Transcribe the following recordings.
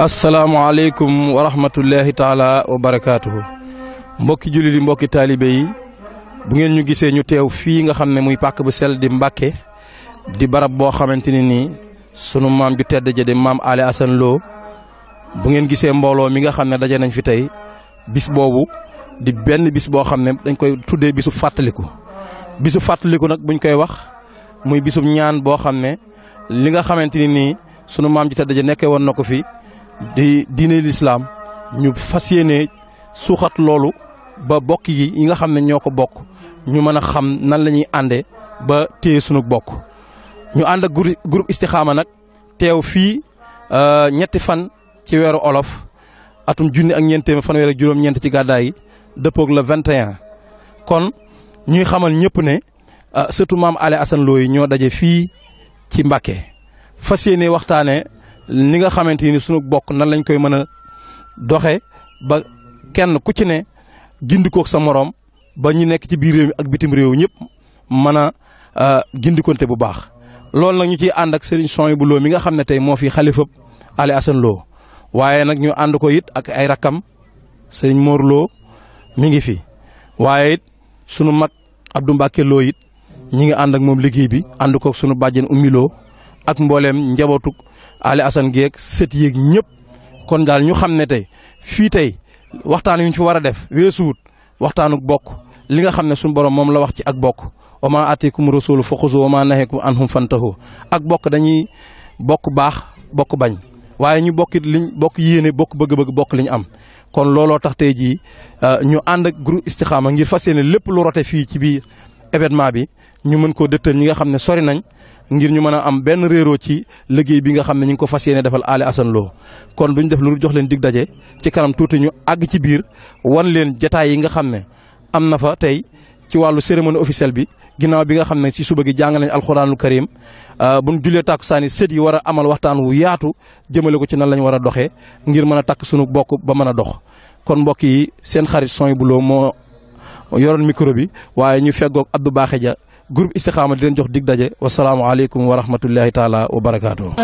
asalaamualeykum wa rahmatullahi taala wa barakaatuhu mbokki jullit yi mbokki taalibe yi bu ngeen ñu gisee ñu teew fii nga xam ne muy pàkk bu sel di Mbàkke di barab boo xamante ne nii sunu maam ju tedd ja di maam Allé Assane bu ngeen gisee mbooloo mi nga xam ne daje nañ fi tey bis boobu di benn bis boo xam ne dañ koy tuddee bisu fàttaliku bisu fàttaliku nag buñ koy wax muy bisub ñaan boo xam ne li nga xamante ni nii sunu maam ju tedd nekkee woon na ko fi. di diine lislaam ñu fas yéene suuxat loolu ba bokk yi yi nga xam ne ñoo ko bokk ñu mën a xam nan la ñuy àndee ba téye sunu bokk. ñu ànd ak groupe istixaama nag teew fii euh, ñetti fan ci weeru olof atum junni ak ñeent téeméer fanweer ak juróom-ñeent ci gàddaay yi dëppoog le 21 kon ñuy xamal ñëpp ne euh, surtout maam Allé Assane yi ñoo daje fii ci Mbàkke fas yéene ni nga xamante ni sunu bokk na lañ koy mën a doxe ba kenn ku ci ne gindikook sa moroom ba ñu nekk ci biir réew mi ak bitim réew ñëpp mën a euh, gindikonte bu baax. loolu nag ñu ciy ànd ak Serigne mi nga xam ne tey moo fi xalifab Ali waaye nag ñu ànd ko it ak ay rakkam Serigne Mor Lo mu ngi fi waaye it sunu mag Abdou Mbacke Lo it ñi ngi ànd ak moom liggéey bi ànd ko sunu bàjjen Oumy Lo ak mbooleem njabootuk Ali Assane Gueye ak sët yeeg ñëpp kon daal ñu xam ne tey fii tey waxtaan yu ñu fi war a def weesuwut waxtaanuk bokk li nga xam ne suñu borom moom la wax ci ak bokk wa maa aatikum rasulu fa xuzu wa maa naheekum anhum fantahu ak bokk dañuy bokk baax bokk bañ waaye ñu bokkit liñ bokk yéene bokk bëgg-bëgg bokk li ñu am kon looloo tax tey jii euh, ñu ànd ak groupe Istikhama ngir fas yéene lépp lu rote fii ci biir événement bi ñu mën ko dëgtal ñi nga xam ne sori nañ ngir ñu mën a am benn réeroo ci liggéey bi nga xam ne ñu ngi ko fas yéene defal ale Assane Lo kon ñu def lu jox leen dig daje ci kanam tuuti ñu àgg ci biir wan leen jataay yi nga xam ne am na fa tey ci wàllu cérémonie officielle bi ginnaaw bi nga xam ne ci suba gi jàng al alxuraanul karim euh, bu ñu jullee tàkk saani sët yi war a amal waxtaan wu yaatu jëmale ko ci nan lañ war a doxee ngir mën a takk sunu bokk ba mën a dox kon mbokk yi seen xarit Sohaibou moo yoroon micro bi waaye ñu feggoog Abdou Bakhe Dia groupe Istikhama di leen jox dig daje wasalaamualeykum wa rahmatullahi taala wa barakaatu.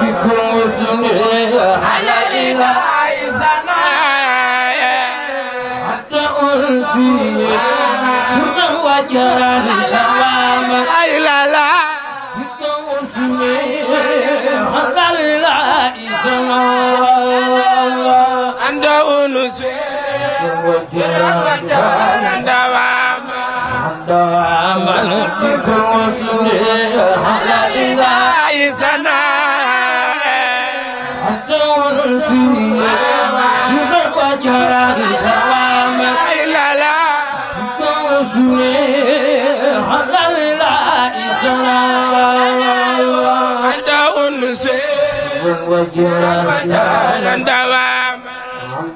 people Yeah. وجرا بدالا دواما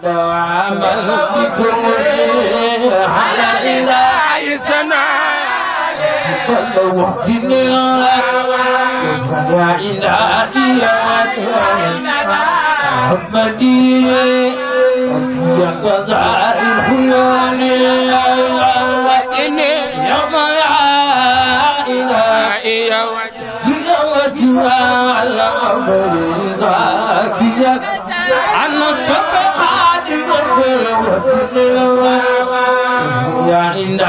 دواما ربكم على الإله سنا كل محسن فلا إله إلا محمدي يا قضاء الحلال يا ما يا ترى على طريقك عن الصفحات والسلوى يا عند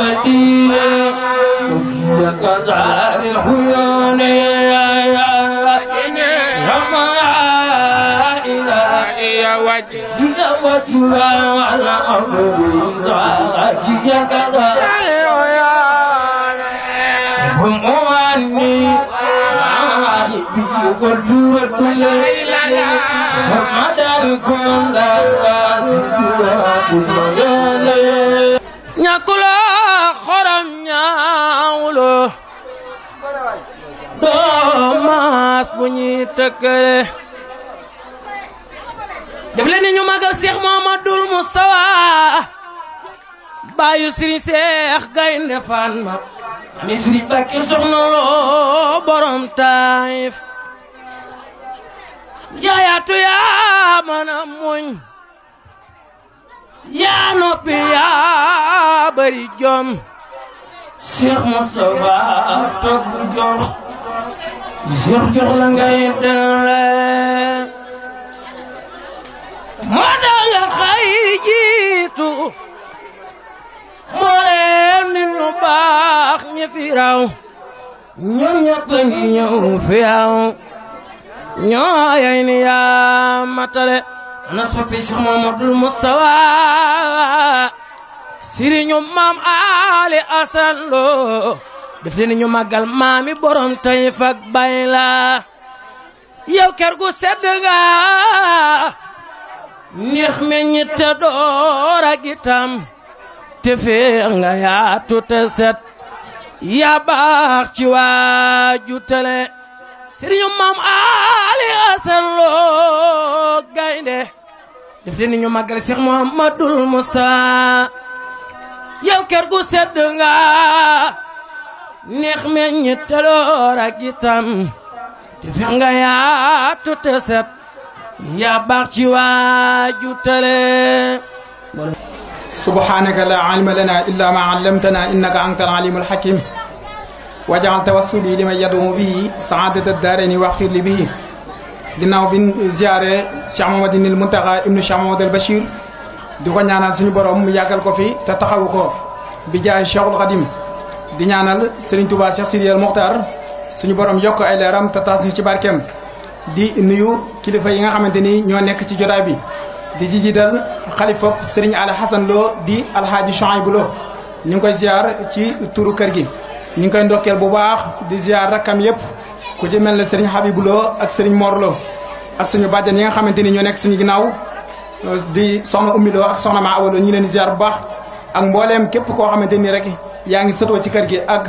مدينة قد عاد الحيون يا يا رمى إلى وجه وجهها على أرض ضاعت يا قدر هم أماني xorom ñaawlo doo maas bu ñuy tëkkale def leen ni ñu magal Cheikh Mouhamadoul Moustapha baayu Serigne Seex Gaynde Fatma mi Serigne Bakke Soxna Lo borom Taayif yaayaatu yaa mën a muñ yaa noppi yaa bari jom Cheikh Moustapha togg jox Cheikh jox la ngay dënle moo da nga jiitu moo leen ni ñu baax ñi fi raw ñoom ñëpp ngi ñëw fi yaw ñoo yey ni yaa matale ana soppi si Mamadul Mustafa siriñu maam Ali Asan Lo def leen ñu màggal maami borom tey fak bay la yow ker gu sedd nga ñeex meññi te door ak itam te feex nga yaatu yaa baax ci waaju tele sëriñu maam Ali Asan Lo gaynde def leen ni ñu màggal Cheikh Mouhamadul Moussa yow kër gu sedd nga neex meññ teloor ak itam te feex nga yaatu te yaa baax ci waaju tele subhanaka la ilma lana illa ma allamtana innaka anta alalimul hakim wajal tawassuli li ma yadoo bii saadata daarayni wa xir li bii ginnaaw bi ziare Cheikh Mamadinil Muntaxa ibnu Cheikh Mamadal Bachir di ko ñaanal suñu borom mu yàggal ko fi te taxawu ko bi jaay Cheikhul Xadim di ñaanal Serigne Touba Cheikh Sidiyal Mokhtar suñu borom yokk ay leeram te taas ci barkeem di nuyu kilifa yi nga xamante ni ñoo nekk ci jotaay bi. di ci jiital xalifa sëriñ Al Hassan Lo di alxaaji Chouaïbou Lo ñu ngi koy ziar ci turu kër gi. ñu ngi koy ndokkeel bu baax di ziar rakkam yëpp ku ci mel ne sëriñ Habibou Lo ak sëriñ Mor Lo ak suñu bàjjan yi nga xamante ni ñoo nekk suñu ginnaaw di soxna Oumy Lo ak soxna Ma Awa ñu ngi leen di ziar bu baax ak mbooleem képp koo xamante ni rek yaa ngi sëtoo ci kër gi ak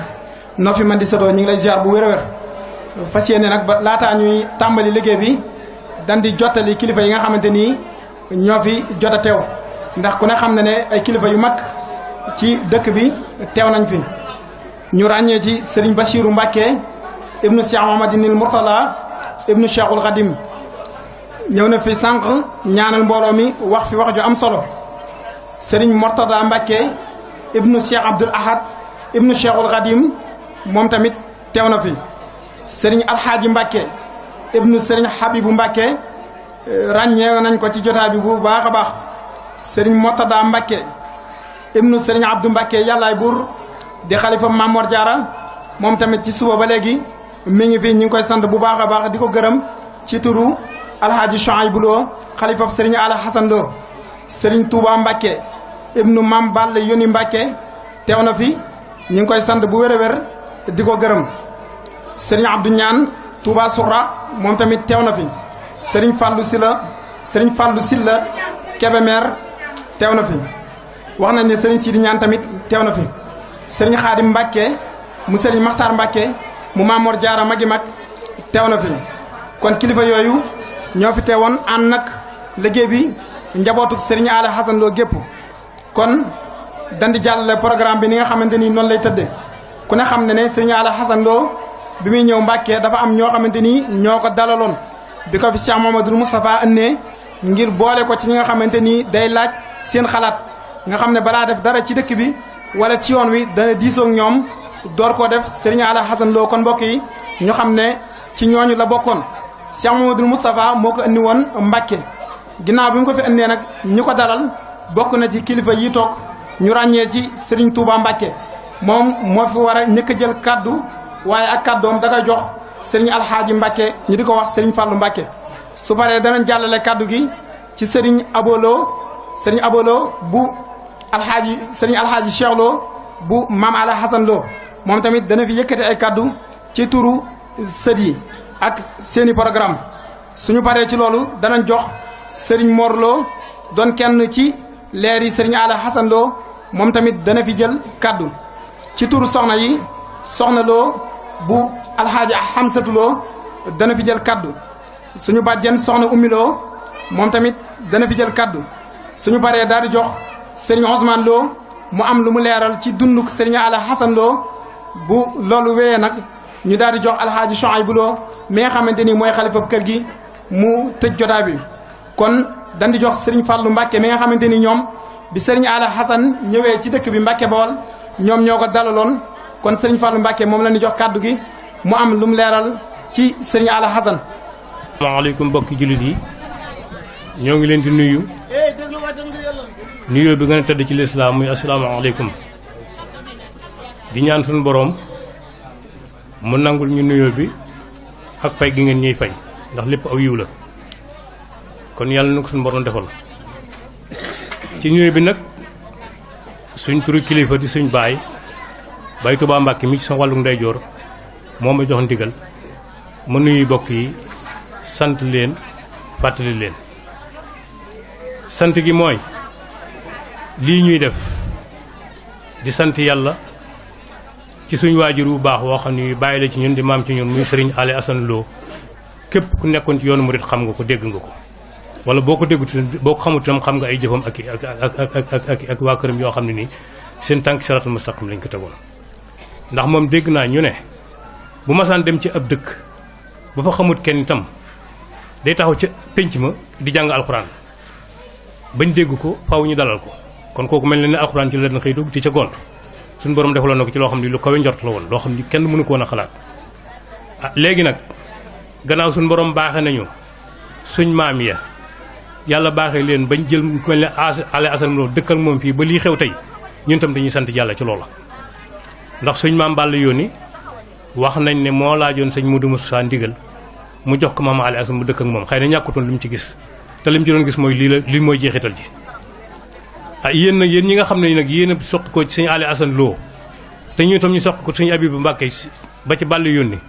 noo fi mën di sëtoo ñu ngi lay ziar bu wér a wér fas yéene nag ba laataa ñuy tàmbali liggéey bi dan di jottali kilifa yi nga xamante ni ñoo fi jot a teew ndax ku ne xam na ne ay kilifa yu mag ci dëkk bi teew nañ fi ñu ràññee ci sëriñ Bachiru Mbàkke ibnu Cheikh Mouhamadinil Mourtala ibnu Cheikhul Khadim ñëw na fi sànq ñaanal mbooloo mi wax fi wax ju am solo sëriñ Mourtada Mbàkke ibnu Cheikh Abdul Ahad ibnu moom tamit teew na fi sëriñ Alxaaji Mbàkke ibnu sëriñ Habibu Mbàkke ràññee nañ ko ci jotaay bi bu baax a baax sëriñ Motada Mbakke ibnu sëriñ Abdou Mbakke yàllaay buur di xalifa Mamor Diarra moom tamit ci suba ba léegi mi fi ñu ngi koy sant bu baax a baax di ko gërëm ci turu alhaaji Chouaïbou Lo xalifa sëriñ Ala Hasan sëriñ Touba Mbakke ibnu Mam Ball Yoni Mbakke teew na fi ñu ngi koy sant bu wér wér di ko gërëm sëriñ Abdou Ñaan Touba Sourra moom tamit teew na fi. sëriñ Fallou Sylla sëriñ Fallou Sylla Kébémer teew na fi wax nañ ne sëriñ Sidi Ñaan tamit teew na fi sëriñ Xaadim Mbàkke mu sëriñ Maxtaar Mbàkke mu Maamoor Jaara magi mag teew na fi kon kilifa yooyu ñoo fi teewoon ànd nag liggéey bi njabootuk sëriñ Aale Xasan gépp kon dan di jàllale programme bi ni nga xamante ni noonu lay tëdde ku ne xam ne ne sëriñ Aale Xasan bi muy ñëw Mbàkke dafa am ñoo xamante ni ñoo ko dalaloon bi ko fi Cheikh Mamadou Moustapha ënnee ngir boole ko ci ñi nga xamante ni day laaj seen xalaat nga xam ne balaa def dara ci dëkk bi wala ci yoon wi dana diisoog ñoom door koo def Serigne Alla Hassan Lo kon mbokk yi ñu xam ne ci ñooñu la bokkoon Cheikh Mamadou Moustapha moo ko indi woon Mbàkke ginnaaw bi mu ko fi indee nag ñu ko dalal bokk na ci kilifa yi toog ñu ràññee ci Serigne tuuba Mbàkke moom moo fi war a ñëkk jël kàddu waaye ak kaddoom da koy jox sëriñ alxaaji Mbacke ñu di ko wax sëriñ Fallou Mbacke su paree danañ jàllale kàddu gi ci sëriñ Abolo sëriñ Abolo bu alxaaji sëriñ alxaaji Cheikh Lo bu maam Ala Hassan Lo moom tamit dana fi yëkkati ay kàddu ci turu sët ak seeni programme suñu paree ci loolu danañ jox sëriñ Mor Lo doon kenn ci leer yi sëriñ Ala Hassan Lo moom tamit dana fi jël kàddu ci turu soxna yi soxna Lo. bu alxaaji xamsatuloo dana fi jël kaddu suñu bàjjen soxna ummiloo moom tamit dana fi jël kaddu suñu baree daal di jox sëriñ Ousmane Lo mu am lu mu leeral ci dunduk sëriñ Ala Xasan Lo bu loolu wéyee nag ñu daal di jox alxaaji Chouaïbou Lo mi nga xamante ni mooy xalifa kër gi mu tëj jotaay bi kon dañ jox sëriñ Fallou Mbacke mi nga xamante ni ñoom bi sëriñ Ala Xasan ñëwee ci dëkk bi Mbacke Bawol ñoom ñoo ko dalaloon kon sëriñ Fallou Mbacke moom la ñu jox kàddu gi mu am lu mu leeral ci sëriñ Ala Xasan. asalaamaaleykum mbokki jullit yi ñoo ngi leen di nuyu nuyoo bi gën tëdd ci lislaam muy asalaamaaleykum di ñaan suñu boroom mu nangul ñu nuyoo bi ak fay gi ngeen ñuy fay ndax lépp aw yiw la kon yàlla na ko suñu boroom defal ci nuyoo bi nag suñ turu kilifa di suñu baay. bay Touba Mbacke mi ci sama wàllu ndeyjoor moo ma jox ndigal mu nuyu bokk yi sant leen fàttali leen sant gi mooy lii ñuy def di sant yàlla ci suñu waajur bu baax woo xam ne bàyyi la ci ñun di maam ci ñun muy sëriñ Ali Assane loo képp ku nekkoon ci yoonu murit xam nga ko dégg nga ko wala boo ko déggut boo ko xamut tam xam nga ay jëfam ak ak ak ak ak waa këram yoo xam ne nii seen tànk saratul mustaqim lañ ko tegoon ndax moom dégg naa ñu ne bu masaan dem ci ab dëkk ba fa xamut kenn itam day taxaw ca pénc ma di jàng alxuraan bañ dégg ko paw ñu dalal ko kon kooku mel na ne alxuraan ci la leen xëy ci ca gont suñu borom defaloon ko ci loo xam ne lu kawe njort la woon loo xam ne kenn mënu ko woon xalaat ah, léegi nag gannaaw suñu borom baaxe nañu suñ maam ya yàlla baaxee leen bañ jël ku mel ne ale asal dëkkal moom fii ba lii xew tey ñun tam dañuy sant yàlla ci loola ndax suñ maam Balla yónni wax nañ ne moo laajoon sëñ Modou Moussa ndigal mu jox ko maam Ali Assou mu dëkk ak moom xay na ñàkkutoon li mu ci gis te li mu ci doon gis mooy lii la lii mooy jeexital ji. ah yéen nag yéen ñi nga xam ne nag yéen a soq ko ci sëñ Ali Assane loo te ñu itam ñu soq ko sëñ Abibu Mbàkke ba ci Balla yónni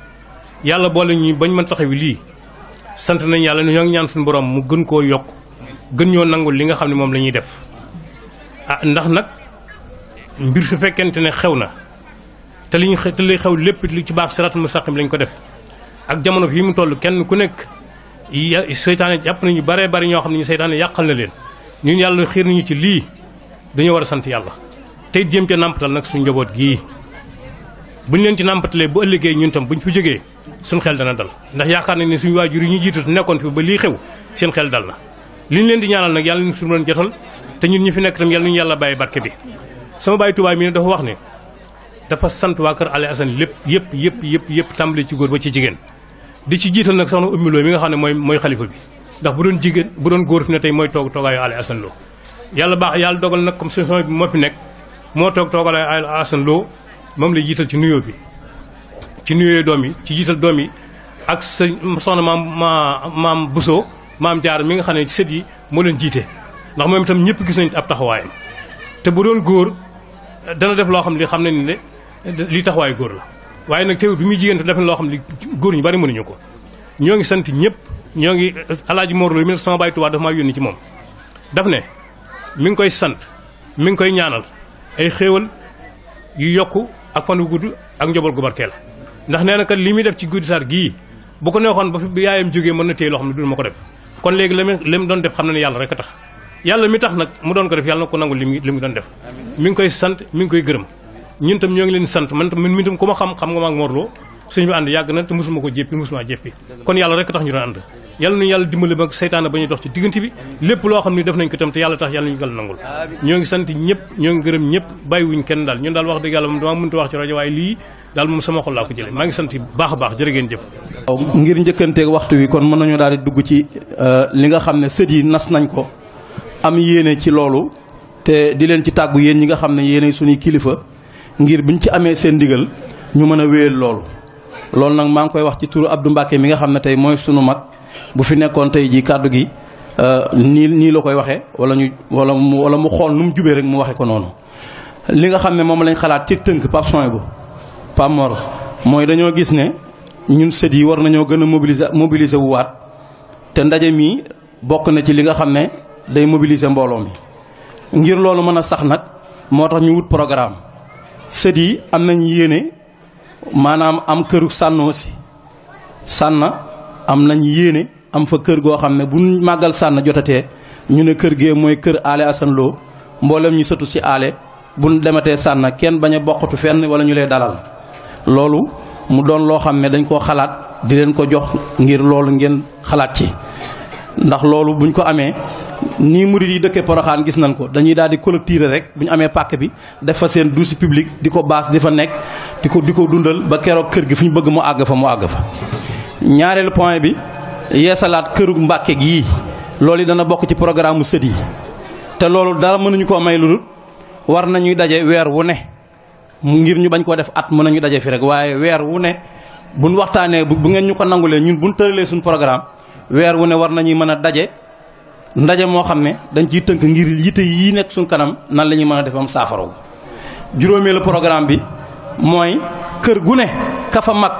yàlla boole ñuy bañ mën taxawi lii sant nañ yàlla ñoo ngi ñaan suñu boroom mu gën koo yokk gën ñoo nangul li nga xam ne moom la ñuy def ah ndax nag mbir su fekkente ne xew na te li ñu te li xew lépp li ci baax sirat mustaqim lañ ko def ak jamono yi mu toll kenn ku nekk ya seytaane jàpp nañu bare bari ñoo xam ne ñu seytaane yàqal na leen ñun yàlla xiir nañu ci lii dañoo war a sant yàlla tey jéem ca nàmpatal nag suñu njaboot gii buñ leen ci nàmpatalee bu ëllëgee ñun tam bu ñu fi jógee suñ xel dana dal ndax yaakaar nañ ne suñu waajur yi ñu jiitu nekkoon fi ba lii xew seen xel dal na li ñu leen di ñaanal nag yàlla ñu suñu leen jotal te ñun ñi fi nekk tam yàlla ñu yàlla bàyyi barke bi sama bàyyi mi dafa wax ne dafa sant waa kër Allé Assane lépp yëpp yëpp yëpp yëpp tàmbali ci góor ba ci jigéen di ci jiital nag soxna Oumy Lo mi nga xam ne mooy mooy xalifa bi ndax bu doon jigéen bu doon góor ne tey mooy toog toogaayu Allé yàlla baax yàlla dogal nag comme solution bi moo nekk moo toog toogaayu Allé Assane Lo lay jiital ci nuyoo bi ci nuyoo doom yi ci jiital doom yi ak sa soxna maam maam maam Bousso maam Diar mi nga xam ne ci sët yi moo leen jiite ndax moom itam ñëpp gis nañ ab te bu doon góor dana def loo xam ne xam nañ ne li taxawaayu góor la waaye nag teew bi muy jigéen te def na loo xam ne góor ñu bari mënuñu ko ñoo ngi sant ñëpp ñoo ngi alaaji Mor mi ne sama bàyyi tubaab dafa maa ci moom daf ne mi ngi koy sant mi ngi koy ñaanal ay xéewal yu yokk ak fan wu gudd ak njaboot gu ndax nee na li muy def ci guddi saar gii bu ko neexoon ba fi yaayam jógee mën na téye loo xam ne du ma ko def kon léegi la mu doon def xam na yàlla rek a tax yàlla mi tax nag mu doon ko def yàlla na ko nangul li mu doon def mi ngi koy sant mi ngi koy gërëm ñun tam ñoo ngi leen sant man tam min itam ku ma xam xam nga ma morloo suñu bi ànd yàgg na te mosuma kon yàlla rek tax ñu doon ànd yàlla nu yàlla dimbale ba seytaane ba ñuy dox ci diggante bi lépp loo xam ne def nañ ko tam te yàlla tax yàlla ñu gàll nangul ñoo ngi sant ñëpp ñoo ngi gërëm ñëpp bàyyiwuñ kenn daal ñun daal wax dëgg yàlla moom dama mënta wax ci rajo waaye lii daal moom sama xol laa ko jële maa ngi sant baax a baax jërë ngeen jëf waaw ngir njëkkanteeg waxtu wi kon mën nañu daal dugg ci euh, li nga xam ne sët yi nas nañ ko am yéene ci loolu te di leen ci tàggu yéen ñi nga xam ne yéene suñuy kilifa ngir ñu ci amee seen ndigal ñu mën a wéyal loolu. loolu nag maa ngi koy wax ci ab Abdou Mbacke mi nga xam ne tey mooy sunu mag bu fi nekkoon tey jii kàddu gi euh, nii nii la koy waxee wala ñu wala mu wala mu xool nu mu jubee rek mu waxee ko noonu. li nga xam ne moom lañ xalaat ci tënk Pape Souhaïbou Pape Mor mooy dañoo gis ne ñun sët yi war nañoo gën a mobiliser mobiliser wu waat te ndaje mii bokk na ci li nga xam ne day mobiliser mbooloo mi ngir loolu mën a sax nag moo tax ñu programme. sët yi am nañ yéene maanaam am këru sànnoo si sànna am nañ yéene am fa kër goo xam ne bu màggal sànn jotatee ñu ne kër gee mooy kër aale asan mboolem ñu sotu si aale buñ dematee sànn kenn bañ a boqatu fenn wala ñu lay dalal loolu mu doon loo xam ne dañ koo xalaat di leen ko jox ngir loolu ngeen xalaat ci ndax loolu buñ ko amee nii murid yi dëkkee poroxaan gis nañ ko dañuy daal di collecter rek bu ñu amee pàkk bi def fa seen douche publique di ko baas di fa nekk di ko di ko dundal ba keroog kër gi fu ñu bëgg mu àgg fa mu àgg fa. ñaareelu point bi yeesalaat kërug mbàkke gi loolu dana bokk ci programme mu sët te loolu dara nañu ko may lu dul war nañuy daje weer wu ne ngir ñu bañ koo def at mën nañu daje fi rek waaye weer wu ne bu nu waxtaanee bu ngeen ñu ko nangulee ñun buñ tëralee suñu programme. weer wu ne war nañuy mën a daje ndaje moo xam ne dañ ciy tënk ngir yitte yii nekk suñ kanam nan la ñuy mën a defam saafara juróomeelu programme bi mooy kër gu ne ka mag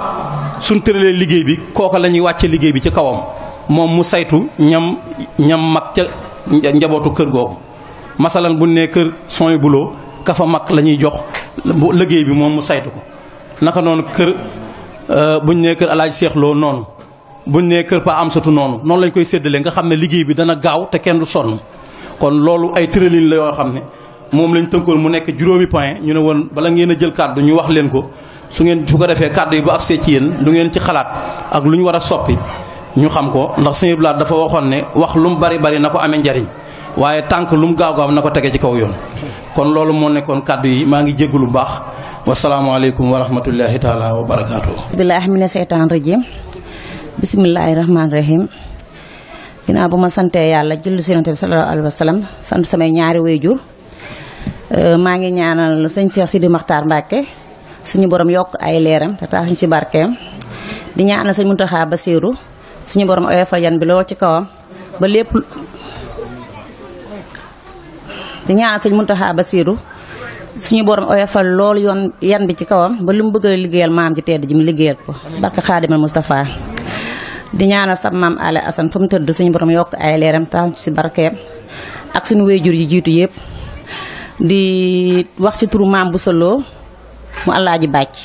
suñ tëralee liggéey bi kooka la ñuy wàcce liggéey bi ci kawam moom mu saytu ñam ñam mag ca njabootu kër googu masalan bu ne kër sony buloo ka mag la ñuy jox liggéey bi moom mu saytu ko naka noonu kër euh, buñ ne kër alaaj seexloo noonu buñ nee kër pa am satu noonu noonu lañ koy séddale nga xam ne liggéey bi dana gaaw te kenn du sonn kon loolu ay tëralin la yoo xam ne moom lañ tënkoon mu nekk juróomi point ñu ne woon bala ngeen a jël kàddu ñu wax leen ko su ngeen su ko defee kàddu yi bu agsee ci yéen lu ngeen ci xalaat ak lu ñu war a soppi ñu xam ko ndax sëñ Blaat dafa waxoon ne wax lu mu bari bari na ko amee njariñ waaye tànk lu mu gaaw gaaw na ko tege ci kaw yoon kon loolu moo nekkoon kàddu yi maa ngi jéggalu bu baax wa rahmatullahi taala wa barakaatu. billahi mina bisimilahi rahmaani rahim ginnaaw ba ma sante yàlla julli si yonent bi sallallahu alayhi sant samay ñaari waajur euh, maa ngi ñaanal sëñ Cheikh Sidi Makhtar Mbacke suñu boroom yokk ay leeram te tax suñu ci barkeem di ñaanal sëñ Mountakha Bassirou suñu borom oyofal yan bi lool ci kawam ba lépp. di ñaanal sëñ Mountakha Bassirou suñu borom oyofal lool yoon yan bi ci kawam ba lu mu bëgg a liggéeyal maam ji tedd ji mu liggéeyal ko barke Xaadimal Moustapha di ñaanal sa maam Allé Assane fa mu tëdd suñu borom yokk ay leeram tax ci barkeem ak suñu wéyjur yi jiitu yëpp di wax ci turu maam bu soloo mu Alaaji Bàcc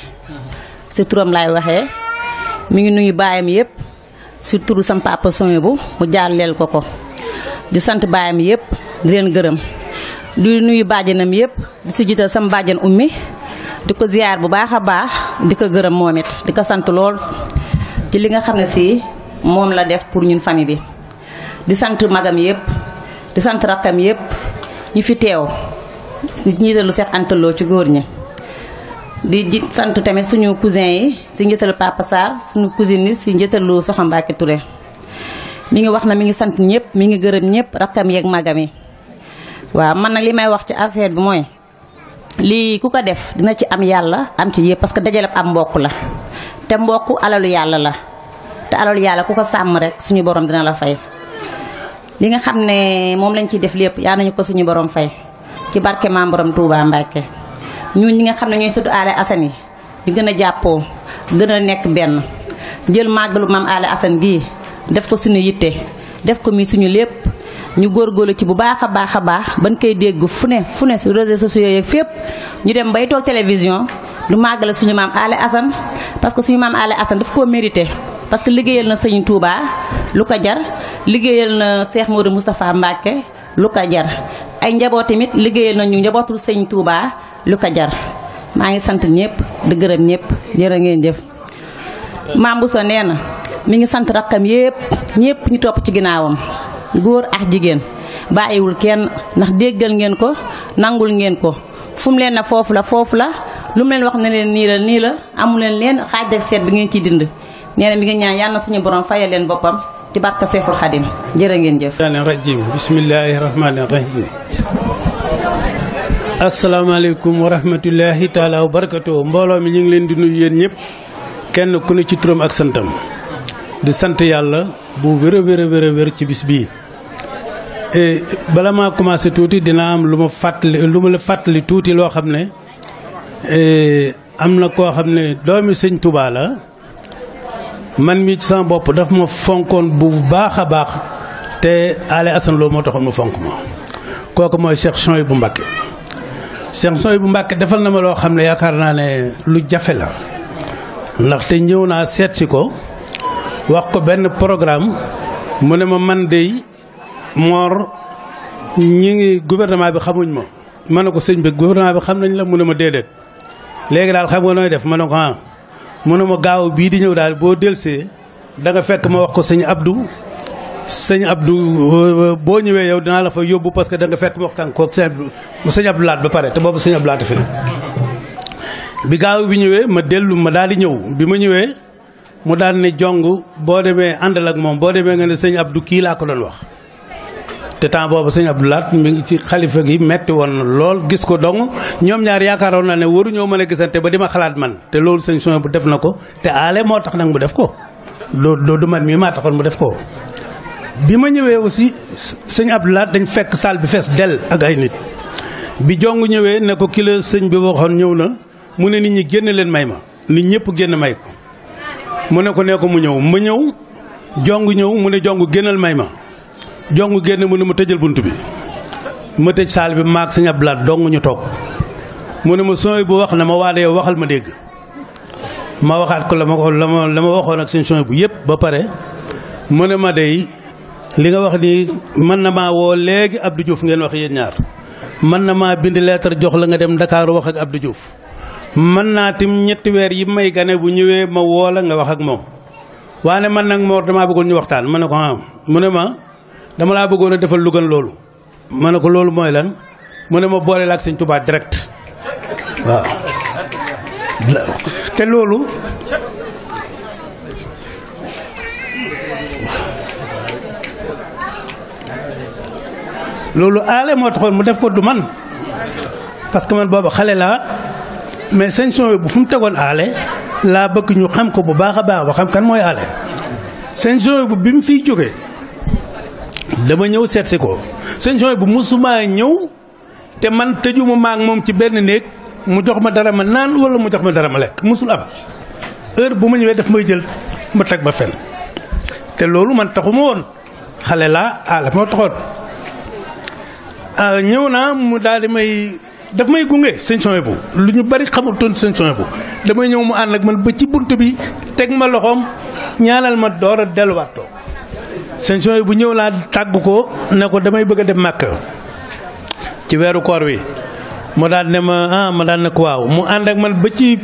si turam laay waxee mi ngi nuyu baayam yëpp si turu sam papa bu mu jàlleel ko ko di sant baayam yëpp di leen gërëm di nuyu bàjjanam yëpp di si jiital sam bàjjan ummi di ko ziyaar bu baax a baax di ko gërëm moom it di ko sant lool ci li nga xam ne si moom la def pour ñun famille bi di sant magam yëpp di sant rakkam yëpp ñi fi teew njiitalu Seex Anta Lo ci góor ñi di ji sant tamit suñu cousin yi si njëtalu Papa suñu cousine yi si njëtalu Soxna Mbacke Touré mi ngi wax na mi ngi sant ñëpp mi ngi gërëm ñëpp rakkam yeeg magam yi waaw man na li may wax ci affaire bi mooy lii ku ko def dina ci am yàlla am ci yëpp parce que dajale am mbokk la te mbokk alalu yàlla la te alal yàlla ku ko sàmm rek suñu borom dina la fay. li nga xam ne moom lañ ciy def lépp yaa nañu ko suñu boroom fay ci barke maam borom Touba Mbacke ñun ñi nga xam ne ñooy sëtu Allé Assane yi di gën a jàppoo gën a nekk benn jël màggalu maam Allé Assane gii def ko suñu yitte def ko mi suñu lépp. ñu góor góorgóorlu ci bu baax a baax a baax ban koy dégg fu ne fu ne su réseaux sociaux yeeg fépp ñu dem bay toog télévision du màggale suñu maam Allé Assane parce que suñu maam parce que liggéeyal na sëñ Touba lu ko jar liggéeyal na Cheikh Modou Moustapha Mbacke lu ko jar ay njaboot tamit liggéeyal na ñu njabootul sëñ Touba lu ko jar maa ngi sant ñëpp di ñépp jër jërë ngeen jëf. Mame Bousso nee na mi ngi sant rakkam yëpp ñëpp ñu topp ci ginnaawam góor ak jigéen bàyyiwul kenn ndax déggal ngeen ko nangul ngeen ko fu mu leen na foofu la foofu la lu mu leen wax ne leen nii la nii la amu leen leen xaaj ak seet bi ngeen ci dind. nee na mi ngi ñaan yal na suñu borom fayal leen boppam ci barka Seexul Xadim jërë ngeen jëf. daaneel rajim bismillaahi rahmaani rahim. asalaamaaleykum wa rahmatullahi taala wa barakatu mbooloo mi ñu ngi leen di nuy yéen ñëpp kenn ku ne ci turam ak santam di sant yàlla bu wér a wér ci bis bii. E, bala maa commencé tuuti dina am lu ma fàttali lu ma fàttali tuuti loo xam ne e, am na koo xam ne doomi sëñ Tuubaa man mii ci bopp daf ma fonkoon bu baax a baax te ale asan loo moo taxoon ma fonk ma kooku mooy Cheikh yi bu Mbàkke Cheikh Soy bu Mbàkke defal na ma loo xam ne yaakaar naa ne lu jafe la ndaxte ñëw naa seet si ko wax ko benn programme mu ne ma man dey moor ñi ngi gouvernement bi xamuñ ma ma ne ko sëñ bi gouvernement bi xam nañ la mu ne ma déedéet léegi daal xam nga nooy def ma ne ko ah mu ma gaaw bii di ñëw daal boo delsee da nga fekk ma wax ko sëñ Abdou sëñ Abdou boo ñëwee yow dinaa la fa yóbbu parce que da nga fekk ma waxtaan koog sëñ Abdou sëñ Abdou ba pare te boobu sëñ Abdou Laat fi bi gaaw bi ñëwee ma dellu ma daal di ñëw bi ma ñëwee mu daal ne jong boo demee àndal ak moom boo demee nga ne sëñ abdu kii laa ko doon wax. te temps boobu sëñ Abdou mi ngi ci xalifa gi metti woon lool gis ko dong ñoom ñaar yaakaaroon na ne waruñoo mën a gisante ba di ma xalaat man te loolu sëñ Souhaïbou bu def na ko te ale moo tax nag mu def ko loolu du man mii maa taxoon mu def ko. bi ma ñëwee aussi sëñ Abdou dañ fekk salle bi fees dell ak ay nit bi jong ñëwee ne ko ki sëñ bi waxoon ñëw na mu ne nit ñi génn leen may ma nit ñëpp génn may ko mu ne ko nee ko mu ñëw ma ñëw jong ñëw mu ne jong génnal may ma. jong génn mu ne ma tëjal bunt bi ma tëj saal bi maag sëñ Abdoulaye ñu toog mu ne ma sooy bu wax na ma waale yow waxal ma dégg ma waxaat ko la ma ko la ma la waxoon ak seen sooy bu yëpp ba pare mu ne ma dey li nga wax ni mën na maa woo léegi ab du juuf ngeen wax yéen ñaar mën na maa bind lettre jox la nga dem Dakar wax ak du Diouf mën naa tim ñetti weer yi may gane bu ñëwee ma woola nga wax ak moom waane man nag moor damaa bëggoon ñu waxtaan ma ne ko ah dama laa bëggoon a defal lu loolu. ma ne ko loolu mooy lan mu ne ma boole la ak sëñ Tuubaa direct waaw te loolu. loolu aale moo taxoon mu def ko du man parce que man boobu xale laa mais sëñ son bu fu mu tegoon aale laa bëgg ñu xam ko bu baax a baax ba xam kan mooy aale sëñ son bu bi mu fiy jóge dama ñëw seet ko sëñ Souhaïbou bu musumaa ñëw te man tëjuma ma ak moom ci benn néeg mu jox ma dara ma naan wala mu jox ma dara ma lekk musul am bu ma ñëwee daf may jël ma teg ma fen te loolu man taxuma woon xale laa ala ah, moo taxoon ah, ñëw naa mu daal di may daf may gunge sëñ bu lu ñu bari xamutoon sëñ bu damay ñëw mu ànd ak man ba ci bunt bi teg ma loxoom ñaanal ma door a delluwaat sëñ sooy bu ñëw laa tàgg ko ne ko damay bëgg a dem màkk ci weeru koor wi mu daal ne ma ah ma daal ne ko waaw mu ànd ak man ba ci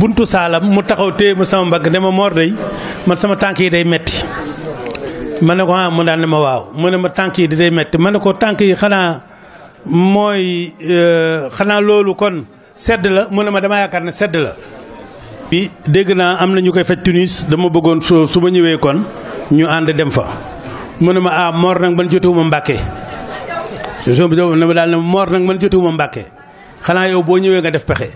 buntu saalam mu taxaw téye ma sama mbagg ne ma moor day man sama tànk yi day metti ma ne ko ah mu daal ne ma waaw mu ne ma tànk yi di day metti ma ne ko tànk yi xanaa mooy euh, xanaa loolu kon sedd la mu ne ma dama yaakaar ne sedd la bi dégg naa am na ñu koy faj Tunis dama bëggoon su su ma ñëwee kon ñu ànd dem fa mu ne ma ah Mor nag man jotewuma Mbàkke ne ma daal ne Mor nag man jotewuma Mbàkke xanaa yow boo ñëwee nga def pexe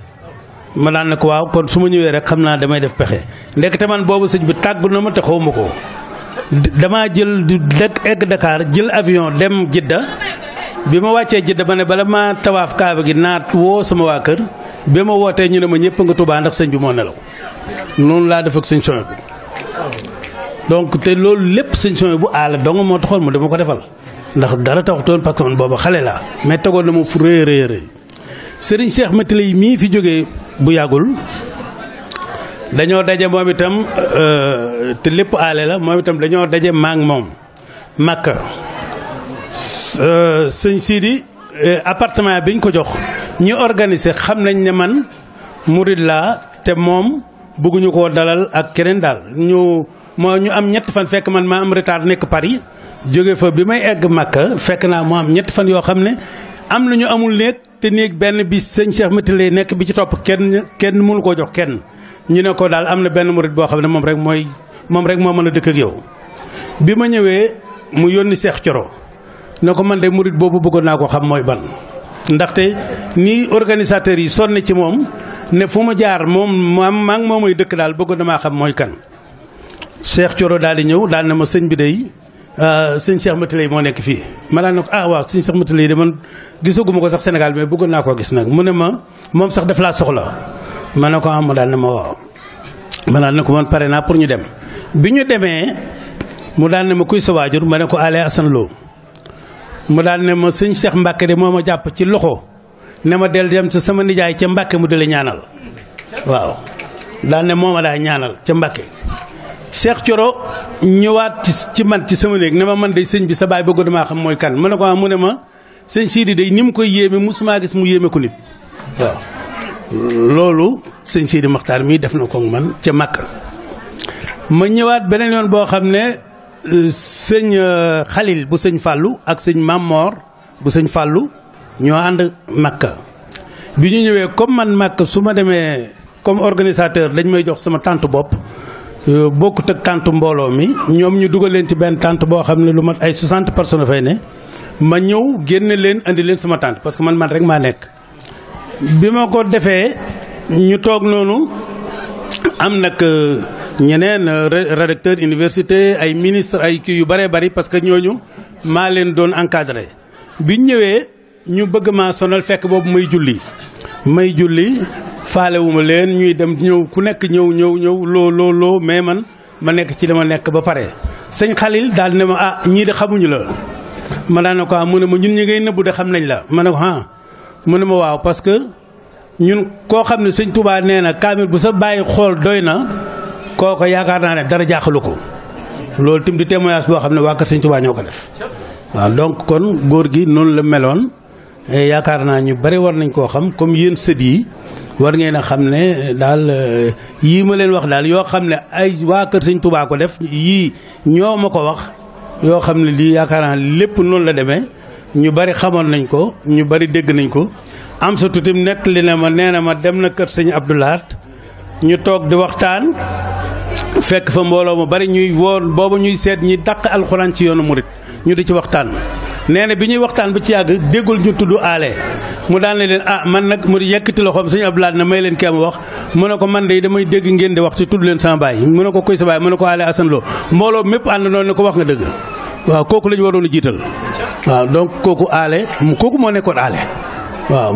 ma daan ne ko waaw kon su ma ñëwee rek xam naa damay def pexe ndekete man boobu sëñ bi tàggu na ma te xaw ma ko damaa jël du dëkk egg Dakar jël avion dem Jidda bi ma wàccee Jidda ba ne bala maa tawaaf kaaba gi naat woo sama waa kër. bi ma wootee ñu ne ma ñëpp nga Touba ndax sëñ bi moo nelaw noonu laa def ak sëñ Sonia bu donc te loolu lépp sëñ Sonia bu aala dong moo taxoon mu dama ko defal ndax dara taxutoon parce que man booba xale la mais tegoon na ma fu rëy rëy rëy sëriñ Cheikh Mati lay fi jógee bu yàggul dañoo daje moom itam euh, te lépp aale la moom itam dañoo daje maak moom Makka euh, sëñ Sidi euh, appartement biñ ko jox. ñi organiser xam nañ ne man murid laa te moom bëgguñu ko dalal ak keneen daal ñu moo ñu am ñetti fan fekk man maa am retard nekk Paris jóge fa bi may egg Makka fekk naa moo am ñetti fan yoo xam ne am na ñu amul néeg te néeg benn bi sëñ Cheikh Mati nekk bi ci topp kenn kenn mënu koo jox kenn ñu ne ko daal am na benn murid boo xam ne moom rek mooy moom rek moo mën a dëkk ak yow. bi ma ñëwee mu yónni Cheikh Coro ne ko man de murid boobu bëggoon naa ko xam mooy ban. ndaxte nii organisateurs yi sonne ci moom ne fu ma jaar moom maam maa moom moomoy dëkk daal bëgg damaa xam mooy kan. Cheikh Thioro daal di ñëw daal na ma sëñ bi dey euh, sëñ Cheikh Matalay moo nekk fii ma daal ne ko ah waaw sëñ Cheikh Matalay de man gisaguma ko sax Sénégal mais bëggoon naa koo gis nag mu ne ma moom sax daf laa soxla ma ne ko ah mu daal ne ma waaw ma daal ne ko man pare naa pour ñu dem bi ñu demee mu daan ne ma kuy sa waajur ma ne ko Allé Assane mu daal ne ma sëñ Cheikh Mbacke de moo ma jàpp ci loxo ne ma del dem ci sama nijaay ca Mbacke mu dale ñaanal waaw daal ne moo ma daa ñaanal ca Mbacke. Cheikh Coro ñëwaat ci man ci sama néeg ne ma man de sëñ bi sa baay bëgg damaa xam mooy kan ma ne ko ah mu ne ma sëñ Sidi de ni mu koy yéeme musuma gis mu yéeme ko nit waaw. loolu sëñ Sidi Maxtaar mii def na ko man ca Makka ma ñëwaat beneen yoon boo xam ne. sëñ Xalil euh, bu sëñ Fallou ak sëñ Mamor bu sëñ fàllu ñoo ànd Makka bi ñu ñëwee comme man màkk su ma demee comme organisateur dañ may jox sama tànt bopp euh, bokkut ak tànt mbooloo mi ñoom ñu dugal leen ci benn tànt boo xam ne lu ma ay 60 personnes fay ne ma ñëw génne leen indi leen sama tànt parce que man man rek maa nekk bi ma ko defee ñu toog noonu am nag. Euh, ñeneen euh, rédacteur université ay ministre ay kii yu bëree bari parce que ñooñu maa leen doon encadré bi ñëwee ñu bëgg maa sonal fekk boobu may julli may julli faalewuma leen ñuy dem ñëw ku nekk ñëw ñëw ñëw loo loo loo mais man ma nekk ci ma nekk ba pare sëñ Xalil daal ne ma ah ñii de xamuñu la ma daana ko ah, mu ne ma ñun ñi ngay nëbbu de xam nañ la ma ne ko ah mu ne ma waaw parce que ñun koo xam ne sëñ Tuubaa nee na kaamil bu sa bàyyi xool doy na kooko yaakaar naa ne dara jaaxalu ko loolu tim di témoignage boo xam ne waa Kër Sëñ Tuubaa ñoo ko def waaw donc kon góor gi noonu la meloon eh, yaakaar naa ñu bari war nañ koo xam comme yéen sët yi war ngeen a xam ne daal eh, yii ma leen wax daal yoo xam ne ay waa Kër Sëñ Tuubaa ko def yii ñoo ma ko wax yoo xam ne lii yaakaar naa lépp noonu la demee ñu bari xamoon nañ ko ñu bari dégg nañ ko am sa tutim nett li ma nee ma dem na kër Sëñ Abdou ñu toog di waxtaan fekk fa mbooloo mu bari ñuy woon boobu ñuy seet ñi dàq alxuraan ci yoonu murit ñu di ci waxtaan nee na bi ñuy waxtaan ba ci yàgg déggul ñu tudd aale mu daan ne leen ah man nag mu di yëkkati loxoom suñu ablaat na may leen kii am wax mu ne ko man de damay dégg ngeen di wax ci tudd leen sama baay mu ne ko kuy sa baay mu ne ko aale Assane Lo mbooloo mépp ànd noonu ne ko wax nga dëgg waaw kooku la ñu waroon a jiital waaw donc kooku aale kooku moo nekkoon aale waaw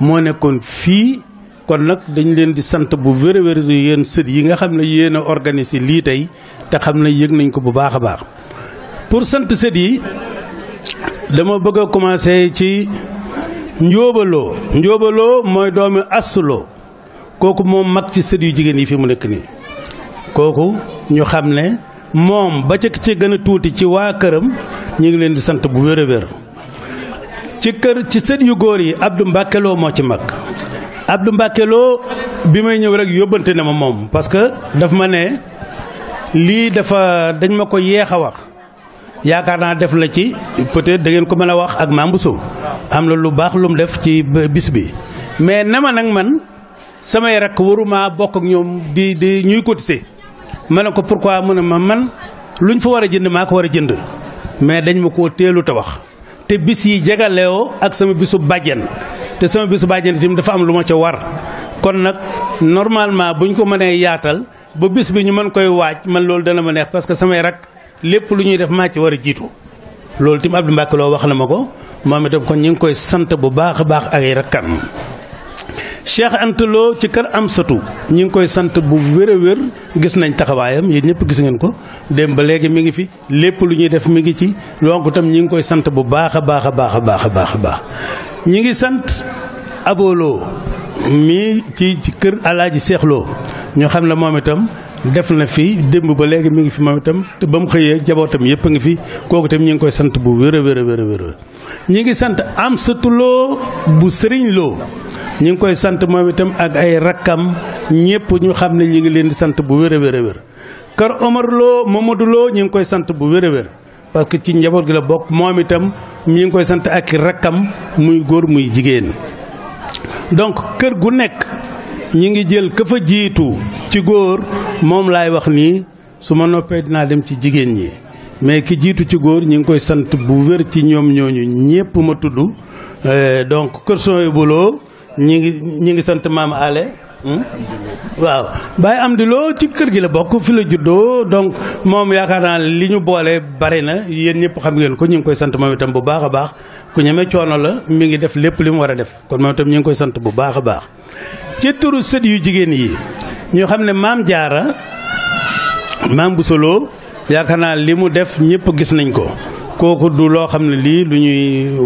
moo fii. kon nag dañ leen di sant bu wér a wér yéen yi nga xam ne yéen a organisé lii tey te xam ne yëg nañ ko bu baax a baax pour sant sët yi dama bëgg a commencé ci njóobaloo njóobaloo mooy doomi astuloo kooku moom mag ci sët yu jigéen yi fi mu nekk nii kooku ñu xam ne moom ba ca ci gën a tuuti ci waa këram ñu ngi leen di sant bu wér wér ci kër ci sët yu góor yi ab Abdou Mbàkkeloo moo ci mag Abdou Mbacke Lo bi may ñëw rek yóbbante na ma moom parce que daf ma ne lii dafa dañ ma ko yeex a wax yaakaar naa def la ci peut-être da ngeen ko mën a wax ak Mame am na lu baax lu mu def ci bis bi mais ne ma nag man samay rakk waruma bokk ak ñoom di di ñuy cotiser ma ne ko pourquoi mu ne ma man luñ fa war a jënd maa ko war a jënd mais dañ ma koo teelu wax te bis yi jegaleewoo ak sama bisu bàjjen te sama bisu bàjjen tamit dafa am lu ma ca war kon nag normalement buñ ko mënee yaatal ba bis bi ñu mën koy waaj man loolu dana ma neex parce que samay rak lépp lu ñuy def maa ci war a jiitu loolu tamit Abdou Mbacke loo wax na ma ko moom itam kon ñu ngi koy sant bu baax a baax ak ay rakkan Cheikh ant loo ci kër am satu ñu ngi koy sant bu wér wér gis nañ taxawaayam yi ñëpp gis ngeen ko dem ba léegi mi ngi fi lépp lu ñuy def mi ngi ci donc tam ñu ngi koy sant bu baax a baax a baax a baax a baax. ñi ngi sant abooloo mii ci ci kër alaaji seexloo ñu xam na moom itam def na fi démb ba léegi mu ngi fi moom itam te ba mu xëyee jabootam yëpp a ngi fi kooku itam ñu ngi koy sant bu wér a wér a wér a wér ñi ngi sant am satuloo bu sëriñ ñu ngi koy sant moom itam ak ay rakkam ñëpp ñu xam na ñu ngi leen di sant bu wér a wér a wér kër Omar loo ñu ngi koy sant bu wér a wér parce que ci njaboot gi la bokk moom itam mi ngi koy sant ak i rakkam muy góor muy jigéen donc kër gu nekk ñi ngi jël ka fa jiitu ci góor moom laay wax nii su ma noppee dinaa dem ci jigéen ñi mais ki jiitu ci góor ñi ngi koy sant bu wér ci ñoom ñooñu ñépp ma tudd euh, donc kër Sohaibou Lo ñi ngi ñi ngi sant maam ale Hmm? waaw am Amdi loo ci kër gi la bokk fi la juddoo donc moom yaakaar naa li ñu boole bari na yéen ñëpp xam ngeen ko ñu ngi koy sant moom itam bu baax a baax ku ñeme coono la mi ngi def lépp li mu war a def kon moom itam ñu ngi koy sant bu baax a baax. ci turu sët yu jigéen yi ñu xam ne maam jaara maam Bousso Lo yaakaar naa li mu def ñëpp gis nañ ko. kooku du loo xam ne lii lu ñuy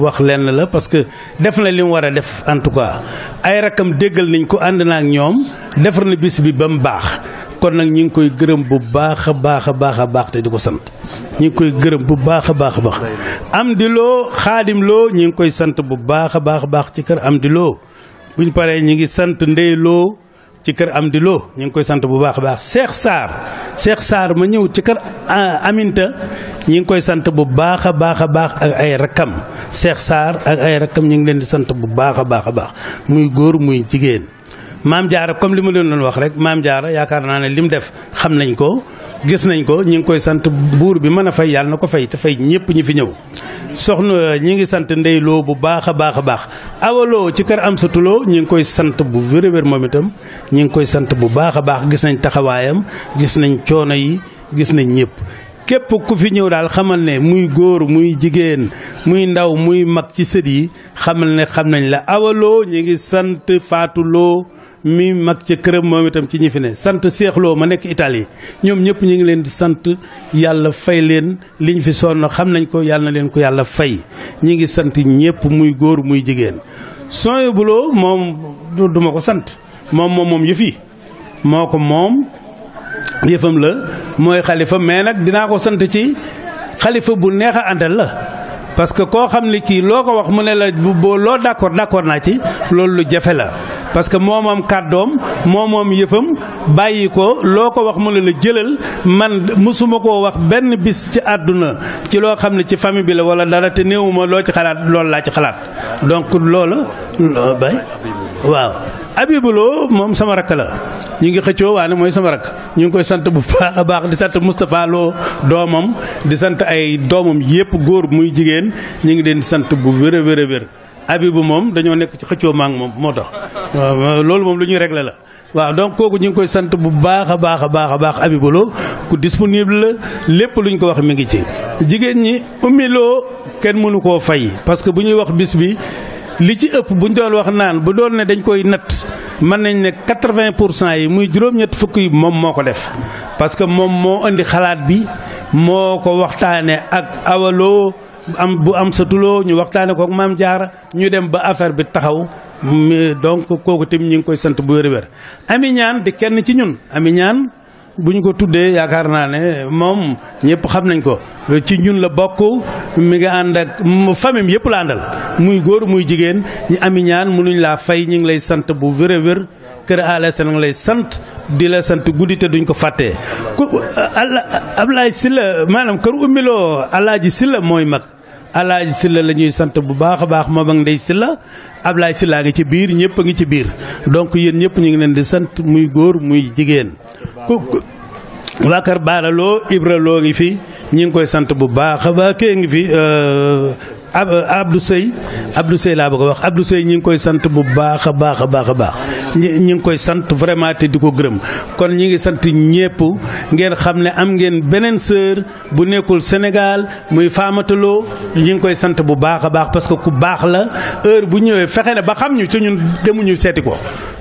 wax lenn la parce que def na li mu war a def en tout a ay rakkam déggal nañ ko ànd naa ak ñoom defar na bis bi ba mu baax kon nag ñi ngi koy gërëm bu baax a baax a baax a baax te di ko sant ñi ngi koy gërëm bu baax a baax a baax am di loo xaadim loo ñi ngi koy sant bu baax a baax a baax ci kër am di loo buñ paree ñi ngi sant ndey loo ci kër Amdi Lo ñu ngi koy sant bu baax a baax Cheikh saar Cheikh saar ma ñëw ci kër ah, Aminta ñu ngi koy sant bu baax a baax a baax ak ay rakkam Cheikh Sarr ak ay rakkam ñu ngi leen di sant bu baax a baax a baax muy góor muy jigéen. maam jaara comme li ma leen doon wax rek maam jaara yaakaar naa ne lim def xam nañ ko. gis nañ ko ñu ngi koy sant buur bi mën a fay yàlla na ko fay te fay ñëpp ñi fi ñëw soxna ñi ngi sant ndeyloo bu baax a baax a baax awaloo ci kër am sa tuloo ñi ngi koy sant bu wér wér moom itam ñi ngi koy sant bu baax a baax gis nañ taxawaayam gis nañ coono yi gis nañ ñëpp képp ku fi ñëw daal xamal ne muy góor muy jigéen muy ndaw muy mag ci sët yi xamal ne xam nañ la awaloo ñi ngi sant faatu loo mi mag ca këram moom itam ci ñi fi ne sant seexloo ma nekk Italie ñoom ñëpp ñu ngi leen di sant yàlla fay leen liñ fi sonn xam nañ ko yàlla na leen ko yàlla fay ñu ngi sant ñëpp muy góor muy jigéen sooy buloo moom duma ko sant moom moom moom yëf yi moo ko moom yëfam la mooy xalifa mais nag dinaa ko sant ci xalifa bu neex a àndal la parce que koo xam ne kii loo ko wax mu ne la boo loo d'accord d'accord naa ci loolu lu jafe la parce que moo moom kàddoom moo moom yëfam bàyyi ko loo ko wax mu ne la jëlal man mosuma koo wax benn bis ci àdduna ci loo xam ne ci famille bi la wala dara te néewuma loo ci xalaat lool laa ci xalaat donc loola bay waaw abibuloo moom sama rakk la ñu ngi xëccoo waane mooy sama rakk ñu ngi koy sant bu baax a baax di sant Moustapha Lo doomam di sant ay doomam yépp góor muy jigéen ñu ngi leen di sant bu wér a wér Abibu moom dañoo nekk ci xëccoo maak moom moo tax loolu moom lu ñuy régler la waaw donc kooku ñu ngi koy sant bu baax a baax baax a baax Abibu Lo ku disponible la lépp lu ñu ko wax mi ngi ci. jigéen ñi Oumy kenn mënu koo fay parce que bu ñuy wax bis bi li ci ëpp bu ñu doon wax naan bu doon ne dañ koy natt mën nañ ne quatre-vingt pour cent yi muy juróom-ñett fukk yi moom moo ko def parce que moom moo indi xalaat bi moo ko waxtaanee ak awaloo. am bu am sa tuloo ñu waxtaane ko ak maam jaara ñu dem ba affaire bi taxaw donc kooku tamit ñu ngi koy sant bu wér-wér ami di kenn ci ñun ami ñaan bu ñu ko tuddee yaakaar naa ne moom ñëpp xam nañ ko ci ñun la bokk mi nga ànd ak famille yëpp la àndal muy góor muy jigéen ñi ami ñaan nuñ laa fay ñu ngi lay sant bu wér-wér kër Allé Sène ngi lay sant di la sant guddi duñ ko fàttee ku Ablaye Sylla maanaam kër Oumy Lo Alaaji Sylla mooy mag. Alaaji Sylla la ñuy sant bu baax a baax moom ak Ndey Sylla Ablaay Sylla ngi ci biir ñëpp a ngi ci biir donc yéen ñëpp ñu ngi leen di sant muy góor muy jigéen ku waa Kër Baara Lo Ibra Lo ngi fi ñu ngi koy sant bu baax a baax kee ngi fi euh, Abdou Sey Abdou Sey laa bëgg ko wax Abdou Sey ñu ngi koy sant bu baax a baax a baax a baax ñi ngi koy sant vraiment te di ko gërëm kon ñi ngi sant ñépp ngeen xam ne am ngeen beneen sœur bu nekkul Sénégal muy faamataloo ñi ngi koy sant bu baax a baax parce que ku baax la heure bu ñëwee fexe na ba xam ñu ci ñun demuñu seeti ko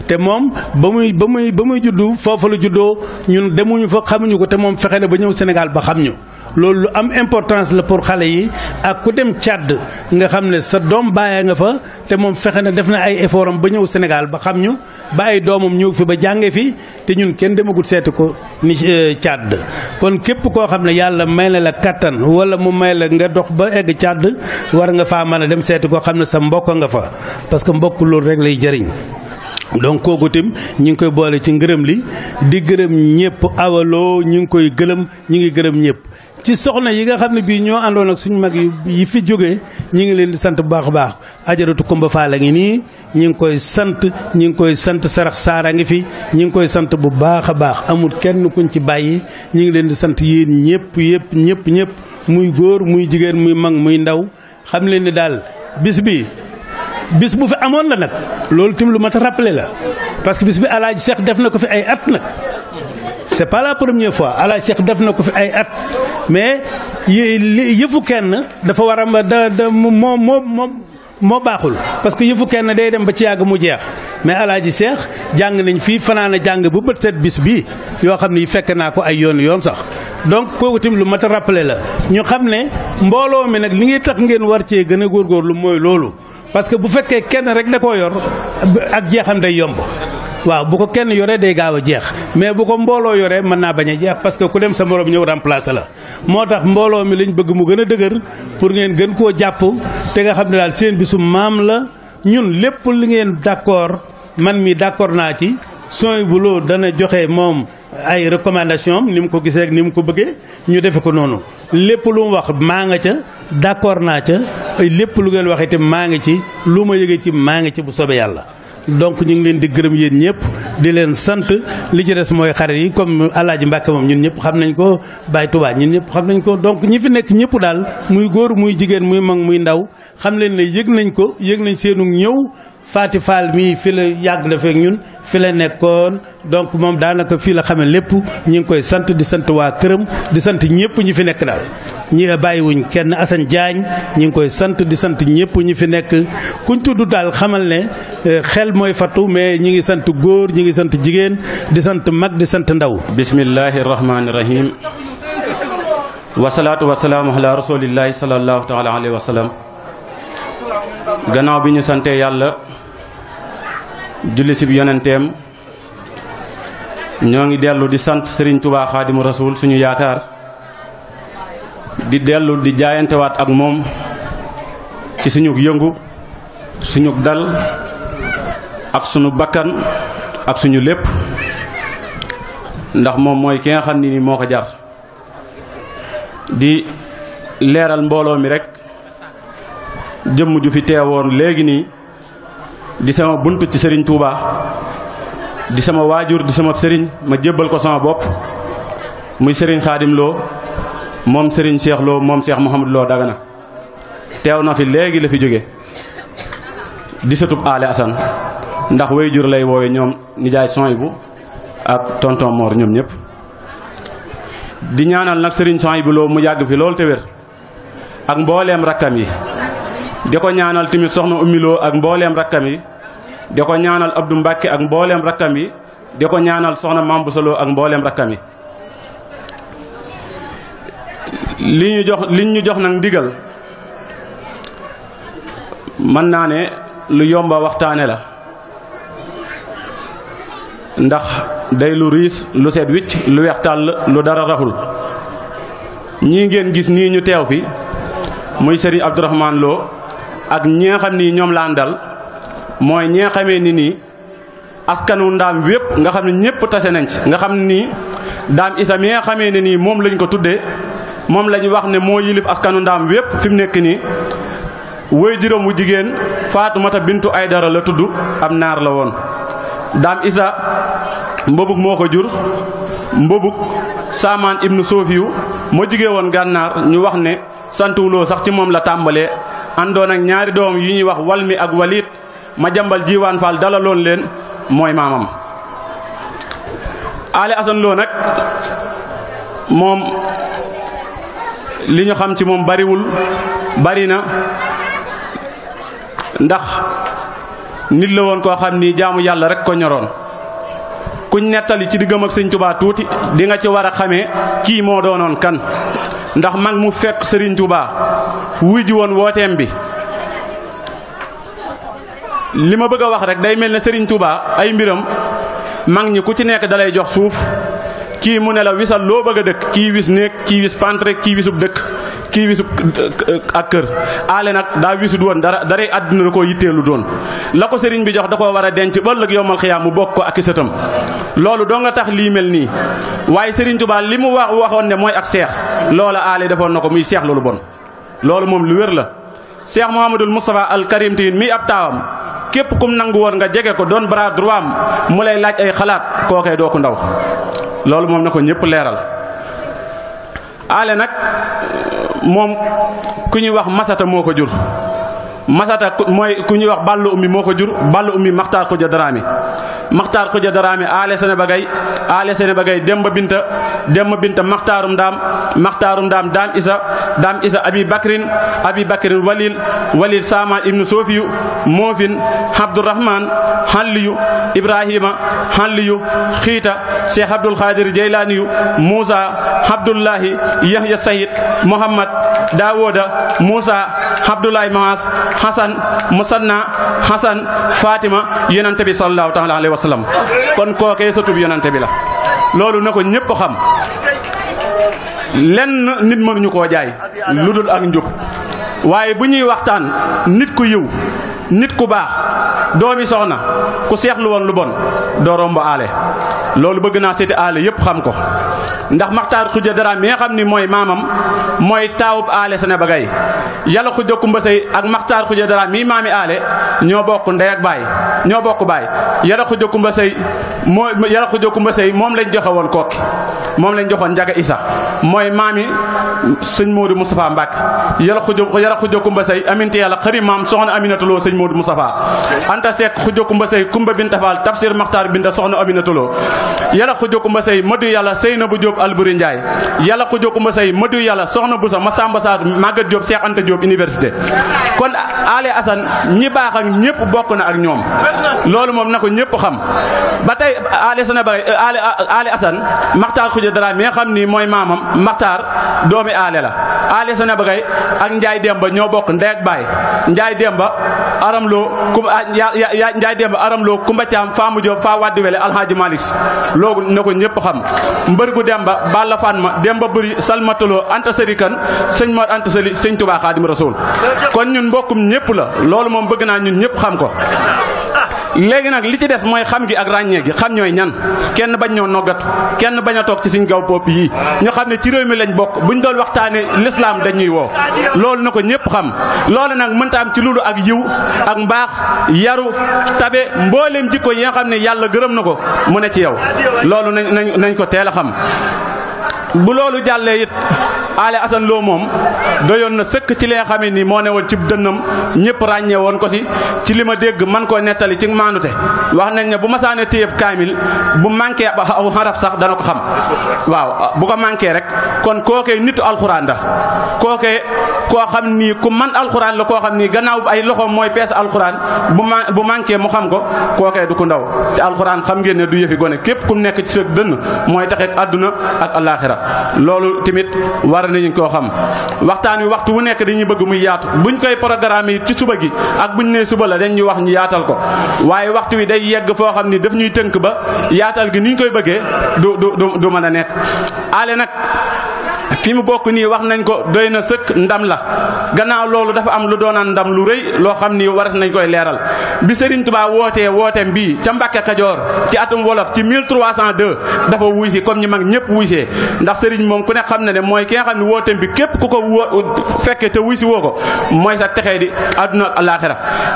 te moom ba muy ba muy ba muy juddu foofu la juddoo ñun demuñu fa xamuñu ko te moom fexe na ba ñëw Sénégal ba xam ñu loolu lu am importance la pour xale yi ak ku dem Tchad nga xam ne sa doom bàyyee nga fa te moom fexe na def na ay effort ba ñëw Sénégal ba xam ñu ba ay doomam ñëw fi ba jàngee fi te ñun kenn demagut seeti ko ni euh, Tchad kon képp koo xam ne yàlla may na la kattan wala mu may la nga dox ba egg càdd war nga faa mën a dem seeti koo xam ne sa mbokk nga fa parce que mbokk loolu rek lay jariñ donc kooku tim ñu ngi koy boole ci ngërëm li di gërëm ñëpp awaloo ñu ngi koy gërëm ñu ngi gërëm ñëpp. ci soxna yi nga xam ne bii ñoo àndoon ak suñu mag yi fi jógee ñi ngi leen di sant bu baax a baax ajaratu Kumba Faal a ngi nii ñi ngi koy sant ñi ngi koy sant sarax saara ngi fi ñi ngi koy sant bu baax a baax amul kenn kuñ ci bàyyi ñi ngi leen di sant yéen ñëpp yëpp ñëpp ñëpp muy góor muy jigéen muy mag muy ndaw xam leen ni daal bis bi bis bu fi amoon la nag loolu tim lu mat a la parce que bis bi alaaji Seex def na ko fi ay at nag c'est pas la première fois ala Cheikh def na ko fi ay at mais yëfu kenn dafa war a da da moom moom moo baaxul parce que yëfu kenn day dem ba ci yàgg mu jeex mais alaaji seex jàng nañ fii fanaana jàng bu bët set bis bii yoo xam ne fekk naa ko ay yoon yoon sax donc kooku tamit lu mat a rappelé la ñu xam ne mbooloo mi nag li ngi tax ngeen war cee gën a góor góor lu mooy loolu parce que bu fekkee kenn rek da koo yor ak jeexam day yomb waaw bu ko kenn yoree day gaaw a jeex mais bu ko mbooloo yoree mën naa bañ a jeex parce que ku dem sa morom ñëw remplacer la moo tax mbooloo mi lañu bëgg mu gën a dëgër pour ngeen gën koo jàpp te nga xam ne daal seen bisu maam la ñun lépp li ngeen d'accord man mi d'accord naa ci sooy bu loo dana joxe moom ay recommandation ni mu ko gisee ni mu ko bëggee ñu defe ko noonu lépp lu mu wax maa nga ca d'accord naa ca lépp lu ngeen wax itam maa ngi ci lu ma yëgee ci maa ngi ci bu soobee yàlla donc ñu ngi leen di gërëm yéen ñëpp di leen sant li ci des mooy xare yi comme alaaji Mbàkke moom ñun ñëpp xam nañ ko Baay Tuubaa ñun ñëpp xam nañ ko donc ñi fi nekk ñëpp daal muy góor muy jigéen muy mag muy ndaw xam leen la yëg nañ ko yëg nañ seenu ñëw Faati Fall mii fi la yàgg na feek ñun fi la nekkoon donc moom daanaka fii la xamee lépp ñu ngi koy sant di sant waa këram di sant ñëpp ñi fi nekk daal ñi bàyyiwuñ kenn Assane Diagne ñi ngi koy sant di sant ñëpp ñi fi nekk kuñ tudd daal xamal ne euh, xel mooy fattu mais ñi ngi sant góor ñi ngi sant jigéen di sant mag di sant ndaw bismillahi rahmaani rahim wasalaatu wasalaamu ala rasulillahi salallahu taala alayhi wa gannaaw bi ñu santee yàlla julli si yonenteem ñoo ngi dellu di sant Serigne Touba Xaadimu Rasuul suñu yaakaar di dellu di jaayantewaat ak moom ci suñu yëngu suñu dal ak suñu bakkan ak suñu lépp ndax moom mooy ki xam ni ni moo ko jar di leeral mbooloo mi rekk jëmm ju fi teewoon léegi nii di sama bunt ci sëriñ Touba di sama waajur di sama sëriñ ma jébbal ko sama bopp muy sëriñ Xaadim moom Serigne Cheikh Lo moom Cheikh Mouhamadou Lo na teew na fi léegi la fi jóge di sëtub Aale Assane ndax way jur lay woowe ñoom nijaay bu ak tonton Mor ñoom ñëpp di ñaanal nag Serigne bu Lo mu yàgg fi loolu te ak mbooleem rakkam yi di ko ñaanal tamit soxna Oumy ak mbooleem rakkam yi di ko ñaanal Abdou Mbacke ak mbooleem rakkam yi di ko ñaanal soxna Mambou Salo ak mbooleem rakkam yi li ñu jox liñ ñu jox nag digal mën naa ne lu yomba waxtaane la ndax day lu riis lu set wicc lu weex tàll lu dara raxul ñii ngeen gis nii ñu teew fi muy Serigne Abdourahmane Lo ak ñi nga xam nii ñoom laa ndal mooy ñi nga xamee ni nii askanu ndaam wépp nga xam ne ñépp tase nañ ci nga xam nii daam isa mi nga xamee nii moom lañ ko tuddee moom la ñu wax ne moo yilif askanu ndaam wépp fi mu nekk nii woy juróom wu jigéen Faatumata bintu ay dara la tudd ab naar la woon daam isa mbobuk moo ko jur mbobuk saamaan ibnu soofiyu moo jigee woon gànnaar ñu wax ne santuwuloo sax ci moom la tàmbalee àndoon ak ñaari doom yi ñuy wax walmi ak walit ma jambal jiwaan faal dalaloon leen mooy maamam ale asan loo moom li ñu xam ci moom bariwul bari na ndax nit la woon koo xam ni jaamu yàlla rek ko ñoroon kuñ nettali ci diggam ak sëñ Tuubaa tuuti di nga ci war a xamee kii moo doonoon kan ndax man mu fekk sëriñ Tuubaa wuy ji woon wooteem bi li ma bëgg a wax rek day mel ne sëriñ tubaa ay mbiram mag ñi ku ci nekk dalay jox suuf kii mu ne la wisal loo bëgg a dëkk kii wis néeg kii wis pantre kii wisub dëkk kii wisub euh, ak kër aale nag daa wisut woon dara dara àddina la koo yitteelu doon la ko sëriñ bi jox da koo war a denc ba ëllëg yowmal mu bokk ko ak i sëtam loolu doo nga tax lii mel nii waaye sëriñ Tuubaa li mu wax waxoon ne mooy ak seex loola aale defoon na ko muy seex loolu bon loolu moom lu wér la seex Muhammadul Mustafa al Karim ab taawam képp kum nangu woon nga jege ko doon bras droit am mu lay laaj ay xalaat kookee doo ku ndaw loolu moom na ko ñëpp leeral aale nag moom ku ñuy wax masata moo ko jur masata mooy ku ñuy wax bàllu ummi moo ko jur bàllu ummi maxtaar xuja daraame maxtaar xuja daraame aale sene bagay aale sene bagay demba binta demba binta maxtaarum ndaam maxtaarum ndaam daam isa daam isa abi bakrin abi bakrin walil walil sama ibnu sofiyu moofin abdourahman xalliyu ibrahima xalliyu xiita cheikh abdul xaadir jeylaaniyu moussa abdullahi yahya sayid mohammad dawooda moussa abdoulaye mahas xasan musanna xasan fatima yonente bi sallallahu taala alayhi la sallam kon kookee sëtub yonente bi la loolu na ko ñëpp xam lenn nit mënuñu koo jaay lu ak njub waaye bu ñuy waxtaan nit ku yiw nit ku baax doomi soxna ku seexlu woon lu bon doo romb aale loolu bëgg naa seeti aale yépp xam ko ndax maxtaar xuja dara mi nga xam ni mooy maamam mooy taawub aale sene bagay yàlla xuja kumba sey ak maxtaar xuja dara mi maami aale ñoo bokk ndey ak baay ñoo bokk baay yàlla xuja kumba sey moo yàlla xuja kumba sey moom lañ joxe woon kooki moom lañ joxoon njaga isa mooy maami sëñ moo Moustapha Mbàkke yàlla xuja yàlla kumba sey aminte yàlla maam soxna aminatuloo Serigne Modou Moustapha Anta Seck xujo kumba sey kumba binta faal tafsir maxtaar binta soxna aminatuloo yàlla xujo kumba sey madu yàlla sëy na bu jóob alburi njaay yàlla xujo kumba sey madu yàlla soxna bu sa ma samba saatu màggat jóob Seex Anta Jóob université kon ale asan ñi baax ak ñëpp bokk na ak ñoom loolu moom na ko ñëpp xam ba tey ale sana bare ale ale asan maxtaar xujo dara mi nga xam ni mooy maamam maxtaar doomi ale la ale sana bare ak njaay demba ñoo bokk ndey ak baay aram loo kum ah, yaa njaay demb aram loo kumba caam faa mu jóob faa waddi wele alxaaji malik loolu na ko ñëpp xam mbër gu demba balla fan ma demba bëri salmatuloo anta sëri kan sëñ mor anta sëli sëñ tubaa xaadim rasul kon ñun mbokkum ñëpp la loolu moom bëgg naa ñun ñëpp xam ko léegi nag li ci des mooy xam gi ak ràññee gi xam ñooy ñan kenn bañ ñoo noggatu kenn bañ a toog ci suñ gaw bopp yi ñu xam ne ci réew mi lañ bokk buñ doon waxtaanee lislaam dañuy woo loolu na ko ñëpp xam loole nag mënta ci loolu ak yiw ak mbaax yaru tabe mbooleem jikko yi nga xam ne yàlla gërëm na ko mu ne ci yow loolu nañ nañ ko teel xam bu loolu jàllee it ale asan loo moom doyoon na sëkk ci lee xamee ni moo ne woon cib dënnam ñëpp ràññee woon ko si ci li ma dégg man koo nettali ci maandute wax nañ ne bu ma saane téyeb kaamil bu manqué ab aw xarab sax dana ko xam waaw bu ko manqué rek kon kookee nitu alxuraan da kookee koo xam nii ku man alxuraan la koo xam nii gannaaw ay loxoom mooy pees alxuraan bu ma bu manqué mu xam ko kookee du ko ndaw te alxuraan xam ngeen ne du yëfi gone képp ku nekk ci sa dënn mooy taxit àdduna ak alaaxira loolu tamit war nañu ko xam waxtaan wi waxtu wu nekk dañuy bëgg muy yaatu bu ñu koy programme yi ci suba gi ak bu ñu nee suba la dañ ñu wax ñu yaatal ko waaye waxtu wi day yegg foo xam ni daf ñuy tënk ba yaatal gi niñ koy bëggee du du du mën a nekk ale nag fi mu bokk nii wax nañ ko doy na sëkk ndam la gannaaw loolu dafa am lu doonaan ndam lu rëy loo xam ni waras nañ koy leeral bi Serigne Touba wootee wooteem bii ca mbakke Kajoor ci atum wolof ci 1302 dafa wuy si comme ñi mag ñëpp wuy ndax sëriñ moom ku ne xam ne ne mooy ki nga xam ne wooteem bi képp ku ko woo fekke te wuy si woo ko mooy sa texe di adduna ak alaaxira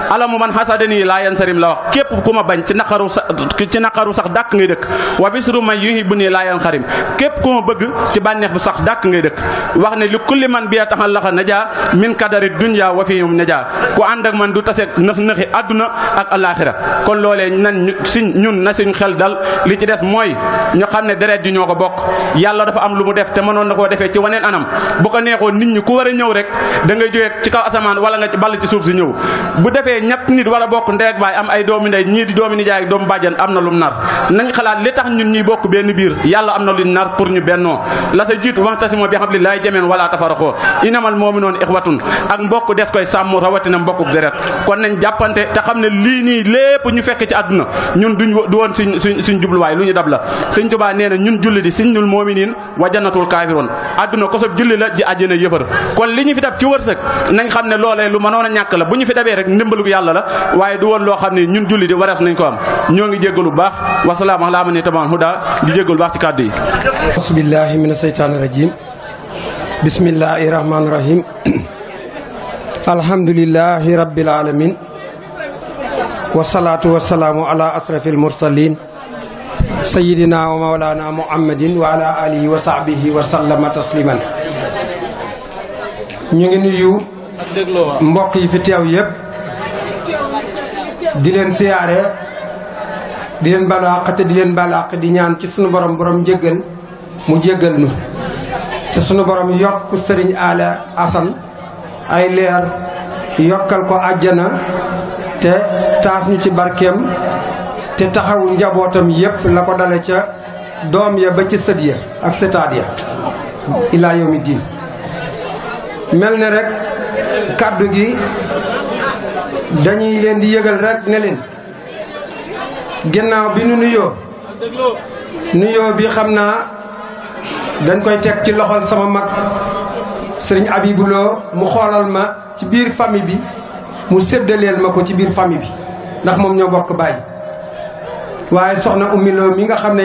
alamu man xasadani laa yan sarim la wax képp ku ma bañ ci naqaru sax ci naqaru sax dàkk ngay dëkk wa bisru man yuhibuni ma bëgg ci bànneex bu ñàkk wax ne li kulli man bi taxal laxa najaa min kadari dunya wa fihim najaa ku ànd ak man du tase nëx nëxi àdduna ak alaaxira kon loolee nan suñ ñun na suñ xel dal li ci des mooy ñu xam ne deret ji ñoo ko bokk yàlla dafa am lu mu def te mënoon na koo defee ci waneen anam bu ko neexoon nit ñi ku war a ñëw rek da ngay jógee ci kaw asamaan wala nga ball ci suuf si ñëw bu defee ñett nit war bokk ndey ak baay am ay doomi ndey ñii di doomi nijaay ak doomu bàjjan am na lum nar nañ xalaat li tax ñun ñuy bokk benn biir yàlla am na luñ nar pour ñu bennoo la wa'tasimu bi hablillahi jami'an wala tafarraqu inamal mu'minuna ikhwatun ak mbokk des koy sàmm rawatina mbokku deret kon nañ jàppante te xam ne lii nii lépp ñu fekk ci àdduna ñun duñ du woon suñ suñ suñ jubluwaay lu ñu dab la sëñ Tuubaa nee na ñun julli di sinnul mu'minin wa jannatul kaafiroon àdduna kosob julli la ji àjjana yëbër kon li ñu fi dab ci wërsëg nañ xam ne loolee lu mënoon a ñàkk la bu ñu fi dabee rek ndimbalug yàlla la waaye du woon loo xam ne ñun julli di warees nañ ko ñoo ngi jéggalu baax wasalaam ala man ittabaal huda di jéggalu baax bismillahi rahmaani rahim alhamdulilahi rabbil alamin wasalaatu wasalaamu ala asrafil mursalin sayidina wa mawlana muhammadin wa ala alihi wa sahbihi wa sallama tasliman ñu ngi nuyu mbokk yi fi teew yépp di leen siyaare di leen balaax te di leen balaax di ñaan ci sunu borom borom jéggal mu jéggal nu te sunu borom yokk sëriñ Alla Assane ay leer yokkal ko àjjana te taas ñu ci barkeem te taxawu njabootam yépp la ko dale ca doom ya ba ci sët ak sëtaat ya ilaa yawmi diin mel ne rek kàddu gi dañuy leen di yëgal rek ne leen bi nu nuyoo nuyoo bi xam naa dañ koy teg ci loxol sama mag sëriñ Abibu mu xoolal ma ci biir famille bi mu séddaleel ma ko ci biir famille bi ndax moom ñoo bokk bàyyi waaye soxna Oumy Lo mi nga xam ne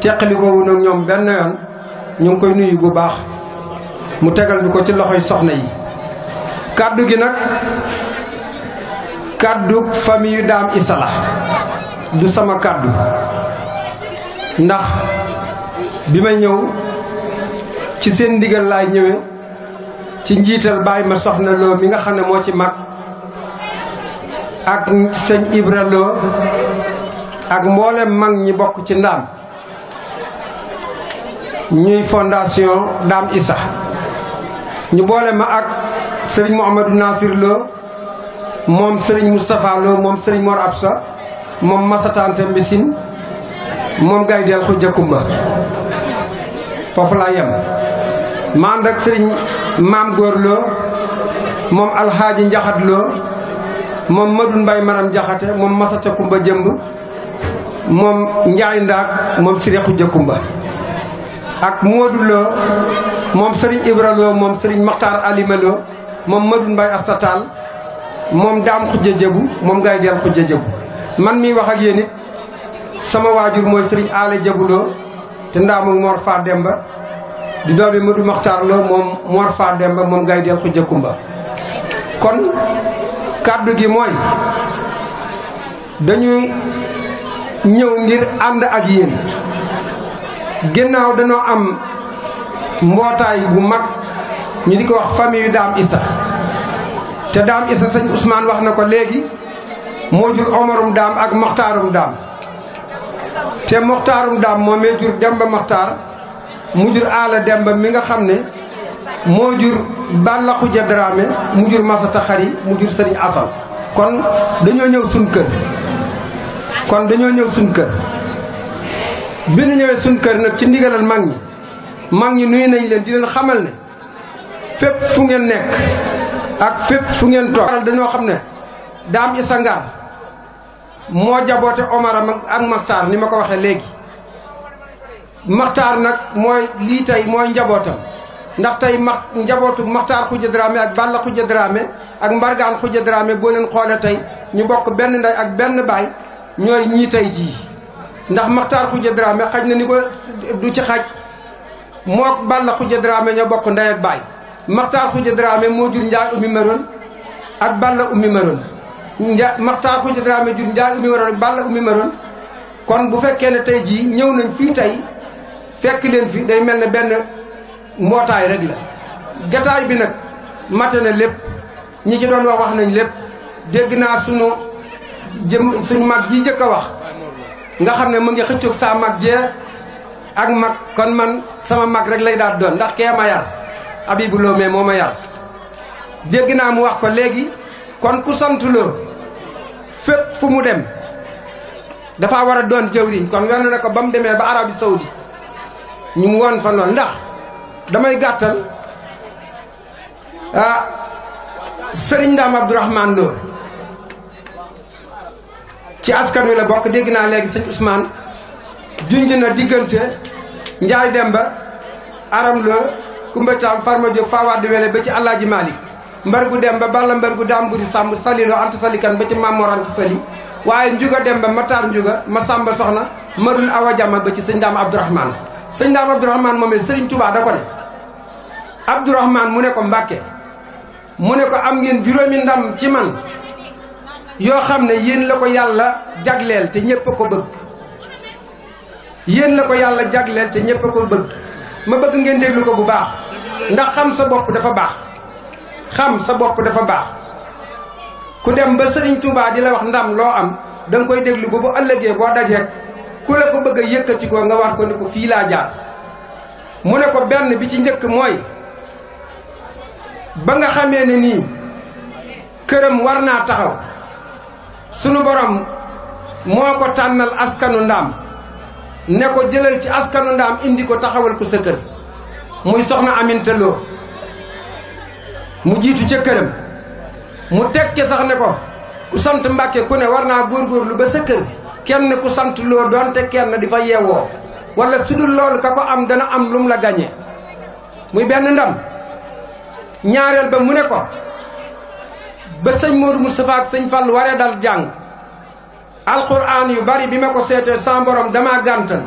teqalikoowu nag ñoom benn yoon ñu ngi koy nuyu bu baax mu tegal bi ko ci loxoy soxna yi kàddu gi nag kàddu famille yu daam isala du sama kàddu ndax bi ma ñëw ci seen ndigal laay ñëwee ci njiital baay ma soxna loo mi nga xam ne moo ci mag ak sëñ Ibra Loo ak mboolem mag ñi bokk ci ndaam ñuy fondation Daam Isa ñu boole ma ak sëriñ Mouhamadou Nasir Lo moom sëriñ Moustapha Lo moom sëriñ Mor sa moom Masatante Mbissine moom Gaydel Khoudia Koumba foofu laa yem ma ànd ak sëriñ maam góor moom alxaaji njaxat loo moom madun mbay maram jaxate moom masata kumba jëmb moom njaay ndaak moom siri xujja kumba ak moodu moom sëriñ ibra moom sëriñ maxtaar alima moom madun mbay astatal moom daam xujja jëbu moom ngay del xujja jëbu man mi wax ak sama waajur mooy sëriñ aale jëbu te ndaamul Mor Faa Demba di doomi Madu Maxtaar la moom Mor Faa Demba moom ngay del xujja kumba kon kàddu gi mooy dañuy ñëw ngir ànd ak yéen ginnaaw dañoo am mbootaay bu mag ñu di ko wax famille yu Daam Issa te Daam Issa sëñ Ousmane wax na ko léegi moo jur Omarum Daam ak Maxtaarum Daam te moxtaarum daam moo mee jur demba moxtaar mu jur aala demba mi nga xam ne moo jur bàllaxu jadraame mu jur masata xari mu jur sëriñ asal kon dañoo ñëw suñ kër kon dañoo ñëw suñ kër bi ñu ñëwee suñ kër nag ci ndigalal mag ñi mag ñi nuyu nañ leen di leen xamal ne fépp fu ngeen nekk ak fépp fu ngeen toog dañoo xam ne daam isa ngaar moo jaboote Omar ak Maxtaar ni ma ko waxee léegi Maxtaar nag mooy lii tey mooy njabootam ndax tey ma njabootu Maxtaar Xuja Dramé ak Balla Xuja Dramé ak Mbargaan Xuja Dramé boo leen tey ñu bokk benn ndey ak benn baay ñooy ñii tey jii ndax Maxtaar Xuja Dramé xaj na ni ko du ci xaj moo Balla Xuja Dramé ñoo bokk ndey ak baay Maxtaar Xuja Dramé moo jur Njaay Ummi Maroon ak Balla Ummi Maroon nja maxtaar kunta daraame jur njaag ummi maroon ak balla ummi maroon kon bu fekkee ne tey jii ñëw nañ fii tey fekk leen fi day mel ne benn mbootaay rek la jataay bi nag mate na lépp ñi ci doon wax wax nañ lépp dégg naa suñu jëm suñ mag ji njëkk a wax nga xam ne mu ngi xëccoog saa mag jeer ak mag kon man sama mag rek lay daal doon ndax kee ma yar Habibou Lô mais moo ma yar dégg naa mu wax ko léegi kon ku sant loo fépp fu mu dem dafa war a doon jawriñ kon yoon na ko ba mu demee ba Arabie Saoudi ñu mu woon fa noonu ndax damay gàttal ah sëriñ Ndaam Abdourahmane ci askan wi la bokk dégg naa léegi sëñ Ousmane junj na diggante Njaay ba Aram Lo Kumba Caam Farma Jóob Fawade Wele ba ci Alaaji Malik mbar gu dem ba balla mbar gu daam buri sàmb saliloo ant salikan ba ci mammoor anta sali waaye njuga dem ba mataar njuga ma sàmba soxna marul awa jama ba ci sëñ daam abdourahman sëñ daam abdourahman moomee sëriñ tubaa da ko ne abdourahman mu ne ko mbàkke mu ne ko am ngeen juróomi ndam ci man yoo xam ne yéen la ko yàlla jagleel te ñépp a ko bëgg yéen la ko yàlla jagleel te ñépp ko bëgg ma bëgg ngeen déglu ko bu baax ndax xam sa bopp dafa baax xam sa bopp dafa baax ku dem ba sëriñ Touba di la wax ndam loo am da koy déglu boobu bu ëllëgee boo dajee ku la ko bëgg a ko nga wax ko ni ko fii laa jaar mu ne ko benn bi ci njëkk mooy ba nga xamee ne nii këram war naa taxaw sunu borom moo ko tànnal askanu ndaam ne ko jëlal ci askanu ndam indi ko taxawal ko sa kër muy soxna Aminta Lo mu jiitu ca këram mu tekke sax ne ko ku sant mbàkke ku ne war naa lu ba sa kenn ku sant loo doonte kenn di fa yeewoo wala su dul ka ko am dana am lum la gañe muy benn ndam ñaareel ba mu ne ko ba sëñ Modou Moustapha ak sëñ Fall waree dal jàng alxuraan yu bari bi ma ko seetee sans borom damaa gàntal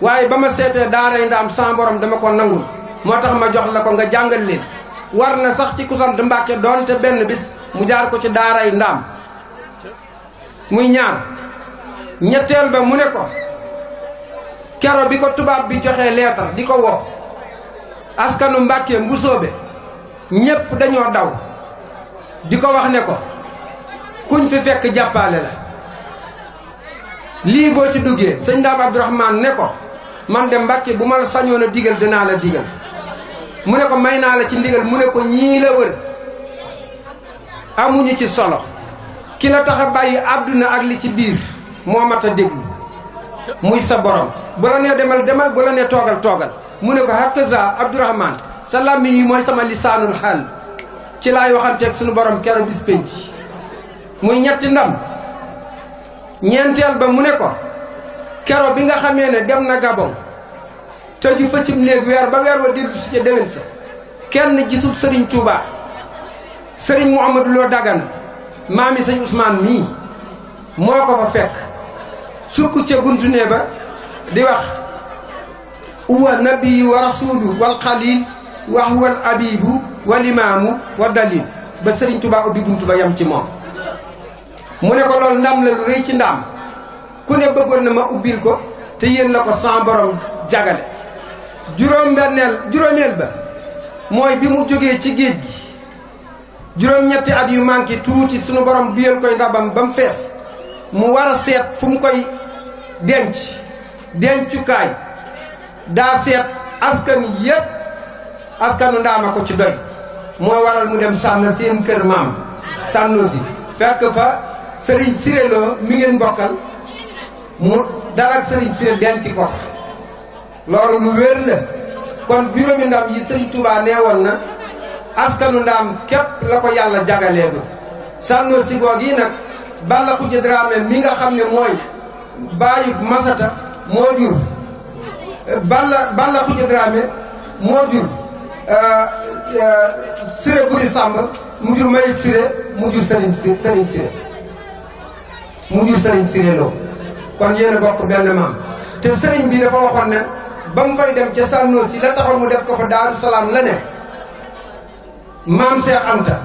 waaye ba ma seetee daaray ndaam sans dama ko nangul moo tax ma jox la ko nga jàngal leen war na sax ci ku sant Mbàkke doonte benn bis mu jaar ko ci daaray ndaam muy ñaan ñetteel ba mu ne ko kero bi ko tubaab bi joxe leetar di ko woo askanu Mbàkke mbusoobe ñépp dañoo daw di ko wax ne ko kuñ fi fekk jàppale la lii boo ci duggee sëñ Ndaam Abdourahmane ne ko man de Mbàkke bu ma la sañoon a digal dinaa la digal mu ne ko may naa la ci ndigal mu ne ko ñii la wër amuñu ci solo ki la tax a bàyyi àdduna ak li ci biir moo mat a déglu muy sa borom bu la nee demal demal bu toogal toogal mu ne ko hakaza abdourahman sa làmmiñ wi mooy sama lisaanul xaal ci laay waxanteeg suñu borom keroog bis penc muy ñetti ndam ñeenteel ba mu ne ko kero bi nga xamee ne dem na Gabon tëju fa cib néeg weer ba weer wa dellu si ca déwén sa kenn gisul sëriñ Touba sëriñ mu Lo Dagana maami sëñ Ousmane mii moo ko fa fekk sukk ca buntu ne ba di wax uwa nabii wa rasulu wal xalil wa huwa al abibu wal imaamu wa dalil ba sëriñ Touba ubbi buntu ba yam ci moom mu ne ko lool ndam la lu rëy ci ndam ku ne bëggoon na ma ubbil ko te yéen la ko sans borom jagale juróom-benneel juróomeel ba mooy bi mu jógee ci géej gi juróom-ñetti at yu manqué tuuti sunu borom duyal koy ndabam ba mu fees mu war seet fu mu koy denc dencukaay daa seet askan yépp askanu ndaama ko ci doy moo waral mu dem sànn seen kër maam sànnu si fekk fa sëriñ Siré Lo mi ngeen bokkal mu dalak sëriñ Siré denc ko fa loolu lu wér la kon juróomi ndam yi sëñ Touba nee woon na askanu ndam képp la ko yàlla jagaleegu sànnoo si goog yi nag Balla Khoudia Dramé mi nga xam ne mooy bàyyi masata moo jur Balla Balla Khoudia Dramé moo jur euh, euh, Siré Buri Samb mu jur Mayib Siré mu jur Serigne Serigne Siré mu kon yéen a benn maam te Serigne bi dafa waxoon ba mu fay dem ca sànnoo si la taxoon mu def ko fa daaru salaam la ne maam Cheikh Anta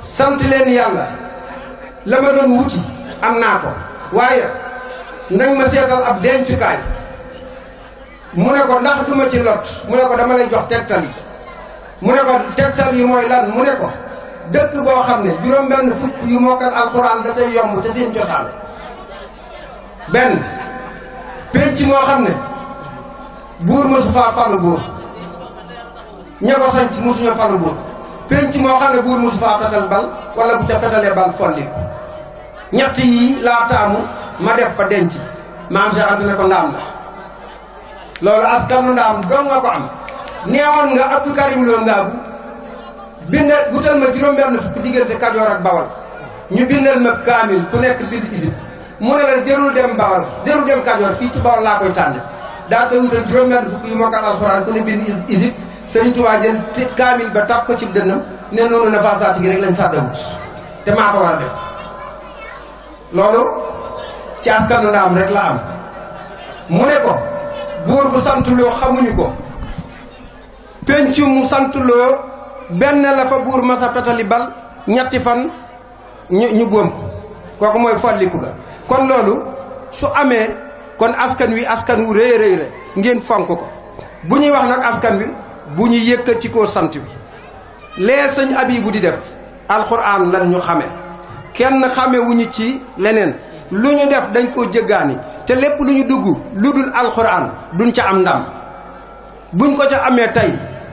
sant leen yàlla la ma doon wuti am naa ko waaye nag ma seetal ab dencukaay mu ne ko ndax ma ci lot mu ne ko dama lay jox tegtal mu ne ko tegtal yi mooy lan mu ne ko dëkk boo xam ne juróom-benn fukk yu mokkal alxuraan da tey yomb te seen cosaan benn penc moo xam ne buur mosu faa falu buur ña ko sanc mosuñu falu buur penc moo xam buur mosu faa bal wala bu ca fetalee bal folli ñett yii laa ma def fa denc maam Cheikh Anta ne ko ndaam la loolu askanu ndaam dong nga ko am nga Abdou Karim Lo Ngaabu bind gutal ma juróom-benn fukk diggante Kajoor ak ñu bindal ma kaamil ku nekk bind isib mu ne la jërul dem Bawal jërul dem Kajoor fii ci Bawal laa koy tànne daal koy wutal juróom-benn fukk yu mokkal alxuraan ku ne bind isib sëriñ Tuubaa jël kaamil ba taf ko cib dënnam ne noonu nafa saati gi rek lañ sàddawut te maa ko war def loolu ci askanu ndaam rek la am mu ne ko buur bu santuloo xamuñu ko penc mu santuloo benn la fa buur masa petali bal ñetti fan ñu ñu boom ko kooku mooy folliku ga kon loolu su amee kon askan wi askan wu rëy rëy la ngeen fonk ko bu ñuy wax nag askan wi bu ñu yëkkati koo sant bi lee sëñ abi bu di def alxuraan lan ñu xame kenn xame wu ñu ci leneen lu ñu def dañ ko jëggaani te lépp lu ñu dugg lu dul alxuraan duñ ca am ndam buñ ko ca amee tey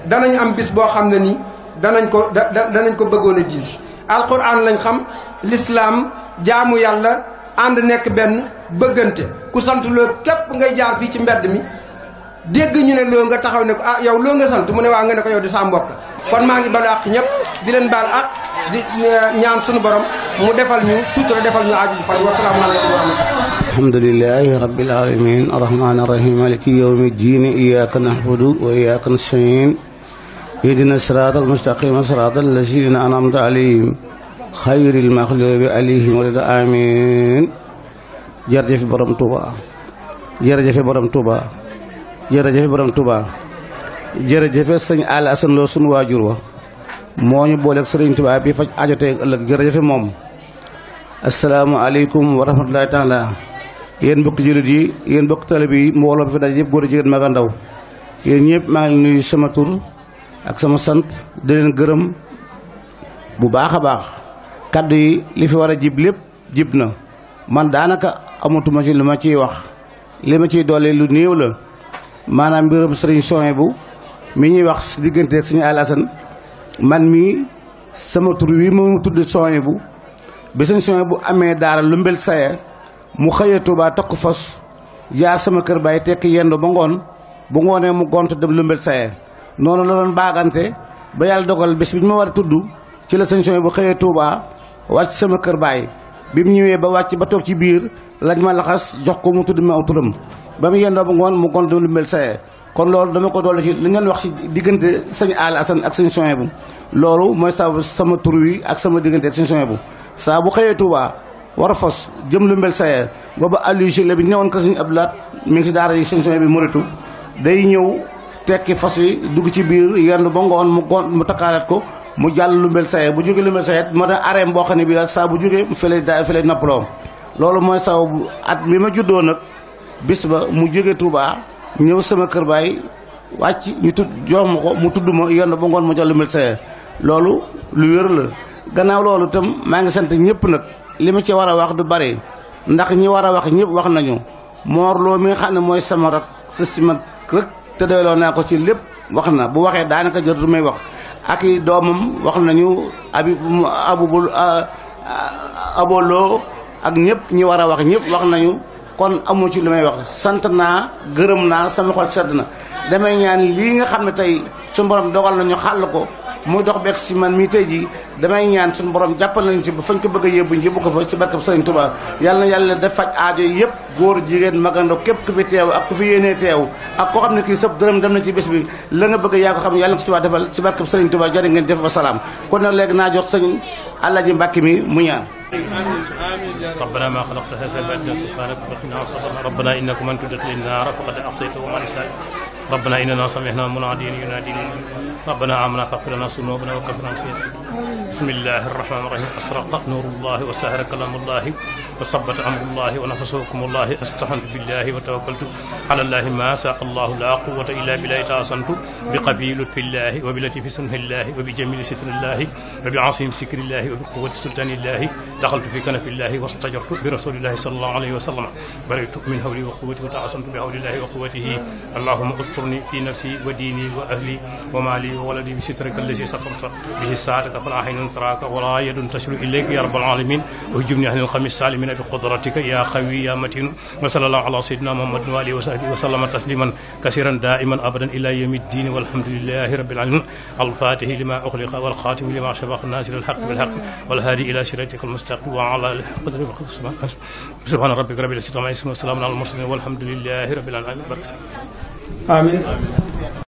danañ am bis boo xam ne ni danañ ko da danañ ko bëggoon a dindi alxuraan lañ xam lislaam jaamu yàlla ànd nekk benn bëggante ku sant loo képp ngay jaar fii ci mbedd mi dégg ñu ne loo nga taxaw ne ko ah yow loo nga sant mu ne waa nga ne ko yow di sa mbokk kon maa ngi balu àq ñëpp di leen baal àq di e, ñaan sunu borom mu defal ñu sutura defal ñu aaju fay wasalaamaaleykum wa rahmatulah alhamdulilahi rabbil alamin arrahmani arrahim maliki yawmi ddin iyyaka na'budu wa iyyaka nasta'in ihdina sirata almustaqima sirata allazina an'amta alayhim xayril maxlubi alayhim walada amin jërëjëf borom Touba jërëjëf borom Touba jërëjëf borom Touba jërëjëf sëñ Alla Assane Lo sunu waajur wa moo ñu booleeg sëriñ Touba bi faj ajotee ëllëg jërëjëf moom asalaamaaleykum aleykum rahmatulahi taala yéen mbokki jullit yi yéen mbokki talib yi mbooloo bi fi daj yëpp góor a jigéen mag a ndaw yéen ñëpp maa ngi sama tur ak sama sant di leen gërëm bu baax a baax kàddu yi li fi war a jib lépp jib na man daanaka amatuma ci lu ma ciy wax li ma ciy doole lu néew la maanaam mbirum sëriñ soin bu mi ñuy wax si diggante ak suñu alasan man mii sama tur wii moomu tudd soin bu bi suñ soin bu amee daara lu mbel saye mu xëyee Tuubaa takku fas jaar sama kër baay tekki yendu ba ngoon bu ngoonee mu gont dem lu mbel saye noonu la doon baagante ba yàlla dogal bés bi ñu ma war a tudd ci la sëñ Sohibou bu xëyee Touba wàcc sama kër baay bi mu ñëwee ba wàcc ba toog ci biir lañ ma laxas jox ko mu tudd ma aw turam ba mu yendoo ba ngoon mu gont lu mel sayee kon loolu dama ko doole ci li ngeen wax ci diggante sëñ Alla Assane ak sëñ Soye bu loolu mooy sa sama tur wi ak sama diggante ak sëñ bu saa bu xëyee Touba war a fos jëm lu mel sayee booba Aliou Gile bi wan ko ab laat mi ngi si daara yi sëñ Soye bi muritu day ñëw tekki fas yi dugg ci biir yenn ba ngoon mu gon mu takkaalaat ko mu jàll lu mel sayet bu jógee lu mel sayet moo tax areem boo xam bi daal saa bu jógee fi lay da fi lay noppaloo loolu mooy saw at mi ma juddoo nag bis ba mu jógee tuubaa ñëw sama kër baay wàcc ñu tudd jox ma ko mu tudd ma yenn ba ngoon mu jàll lu mel sayet loolu lu wér la gannaaw loolu itam maa ngi sant ñëpp nag li ma ci war a wax du bari ndax ñi war a wax ñëpp wax nañu moorloo mi xam ne mooy sama rak ma rek te doyloo naa ko ci lépp wax na bu waxee daanaka jotut may wax ak i doomam wax nañu abi abubul aboloo ak ñëpp ñi war a wax ñëpp wax nañu kon amu ci lu may wax sant naa gërëm naa sama xol sedd na damay ñaan lii nga xam ne tey su borom dogal nañu xàll ko muy dox beeg si man mii tey jii damay ñaan suñu borom jàppal nañu ci ba fañ ko bëgg a yóbbu yóbbu ko fa ci barkab Sëriñ Tuubaa yàlla na yàlla def faj aajo yëpp góor jigéen magando képp ku fi teew ak ku fi yéenee teew ak koo xam ne kii sëb dërëm dem na ci bés bi la nga bëgg yaa ko xam yàlla na ko ci waa defal ci barkab Sëriñ Tuubaa jërë ngeen def wa salaam kon na léegi naa jox sëñ Alaaji Mbàkke mi mu ñaan ربنا ما خلقت هذا باطلا سبحانك فقنا عذاب ربنا انك من تدخل النار فقد اعصيته ومن سالك ربنا إننا سمعنا مناديا ينادي ربنا آمنا فاغفر لنا ذنوبنا وكفر عنا سيئاتنا bismillahi arrahmani irrahim asraqa nuurullahi wa sahara kalaamullahi wa sabata amrullahi wa nafa sawkumullahi astahantu billahi wa tawakkaltu ala llahi ma saa allahu la quwata illa billahi taasantu bi qabilu fillahi wa bi latifi sunhillahi wa bi jamili sitrillahi wa bi asim sikrillahi wa bi quwati sultanillahi daxaltu fi kanafillahi wastajartu bi rasulillahi sallallahu alayhi wa sallam baritu min hawli wa quwati wa taasantu bi hawlillahi wa quwatihi allahuma usturni fi nafsi wa diini wa ahli wa maali wa waladi bi sitrika allazi satarta bihi saataka fala yadun taraaka wala yadun tasilu ilayka ya rabbal alamin wajubni ahlil xamis salimina bi qudratika ya qawi ya matinu wa sallallahu ala sayyidina muhammadin wa alihi wa sahbihi wa sallama tasliman kasiran daiman abadan ila yawmi ddin walhamdulillahi rabbil alamin alfatihi lima uxliqa walxatimi lima sabaqa nasir alhaq bilhaq walhaadi ila siratika almustaqim wa ala alihi qadri wa qadri subhana rabbika rabbil izzati amma yasifun wa salamun ala almursalin walhamdulillahi rabbil alamin barka amiin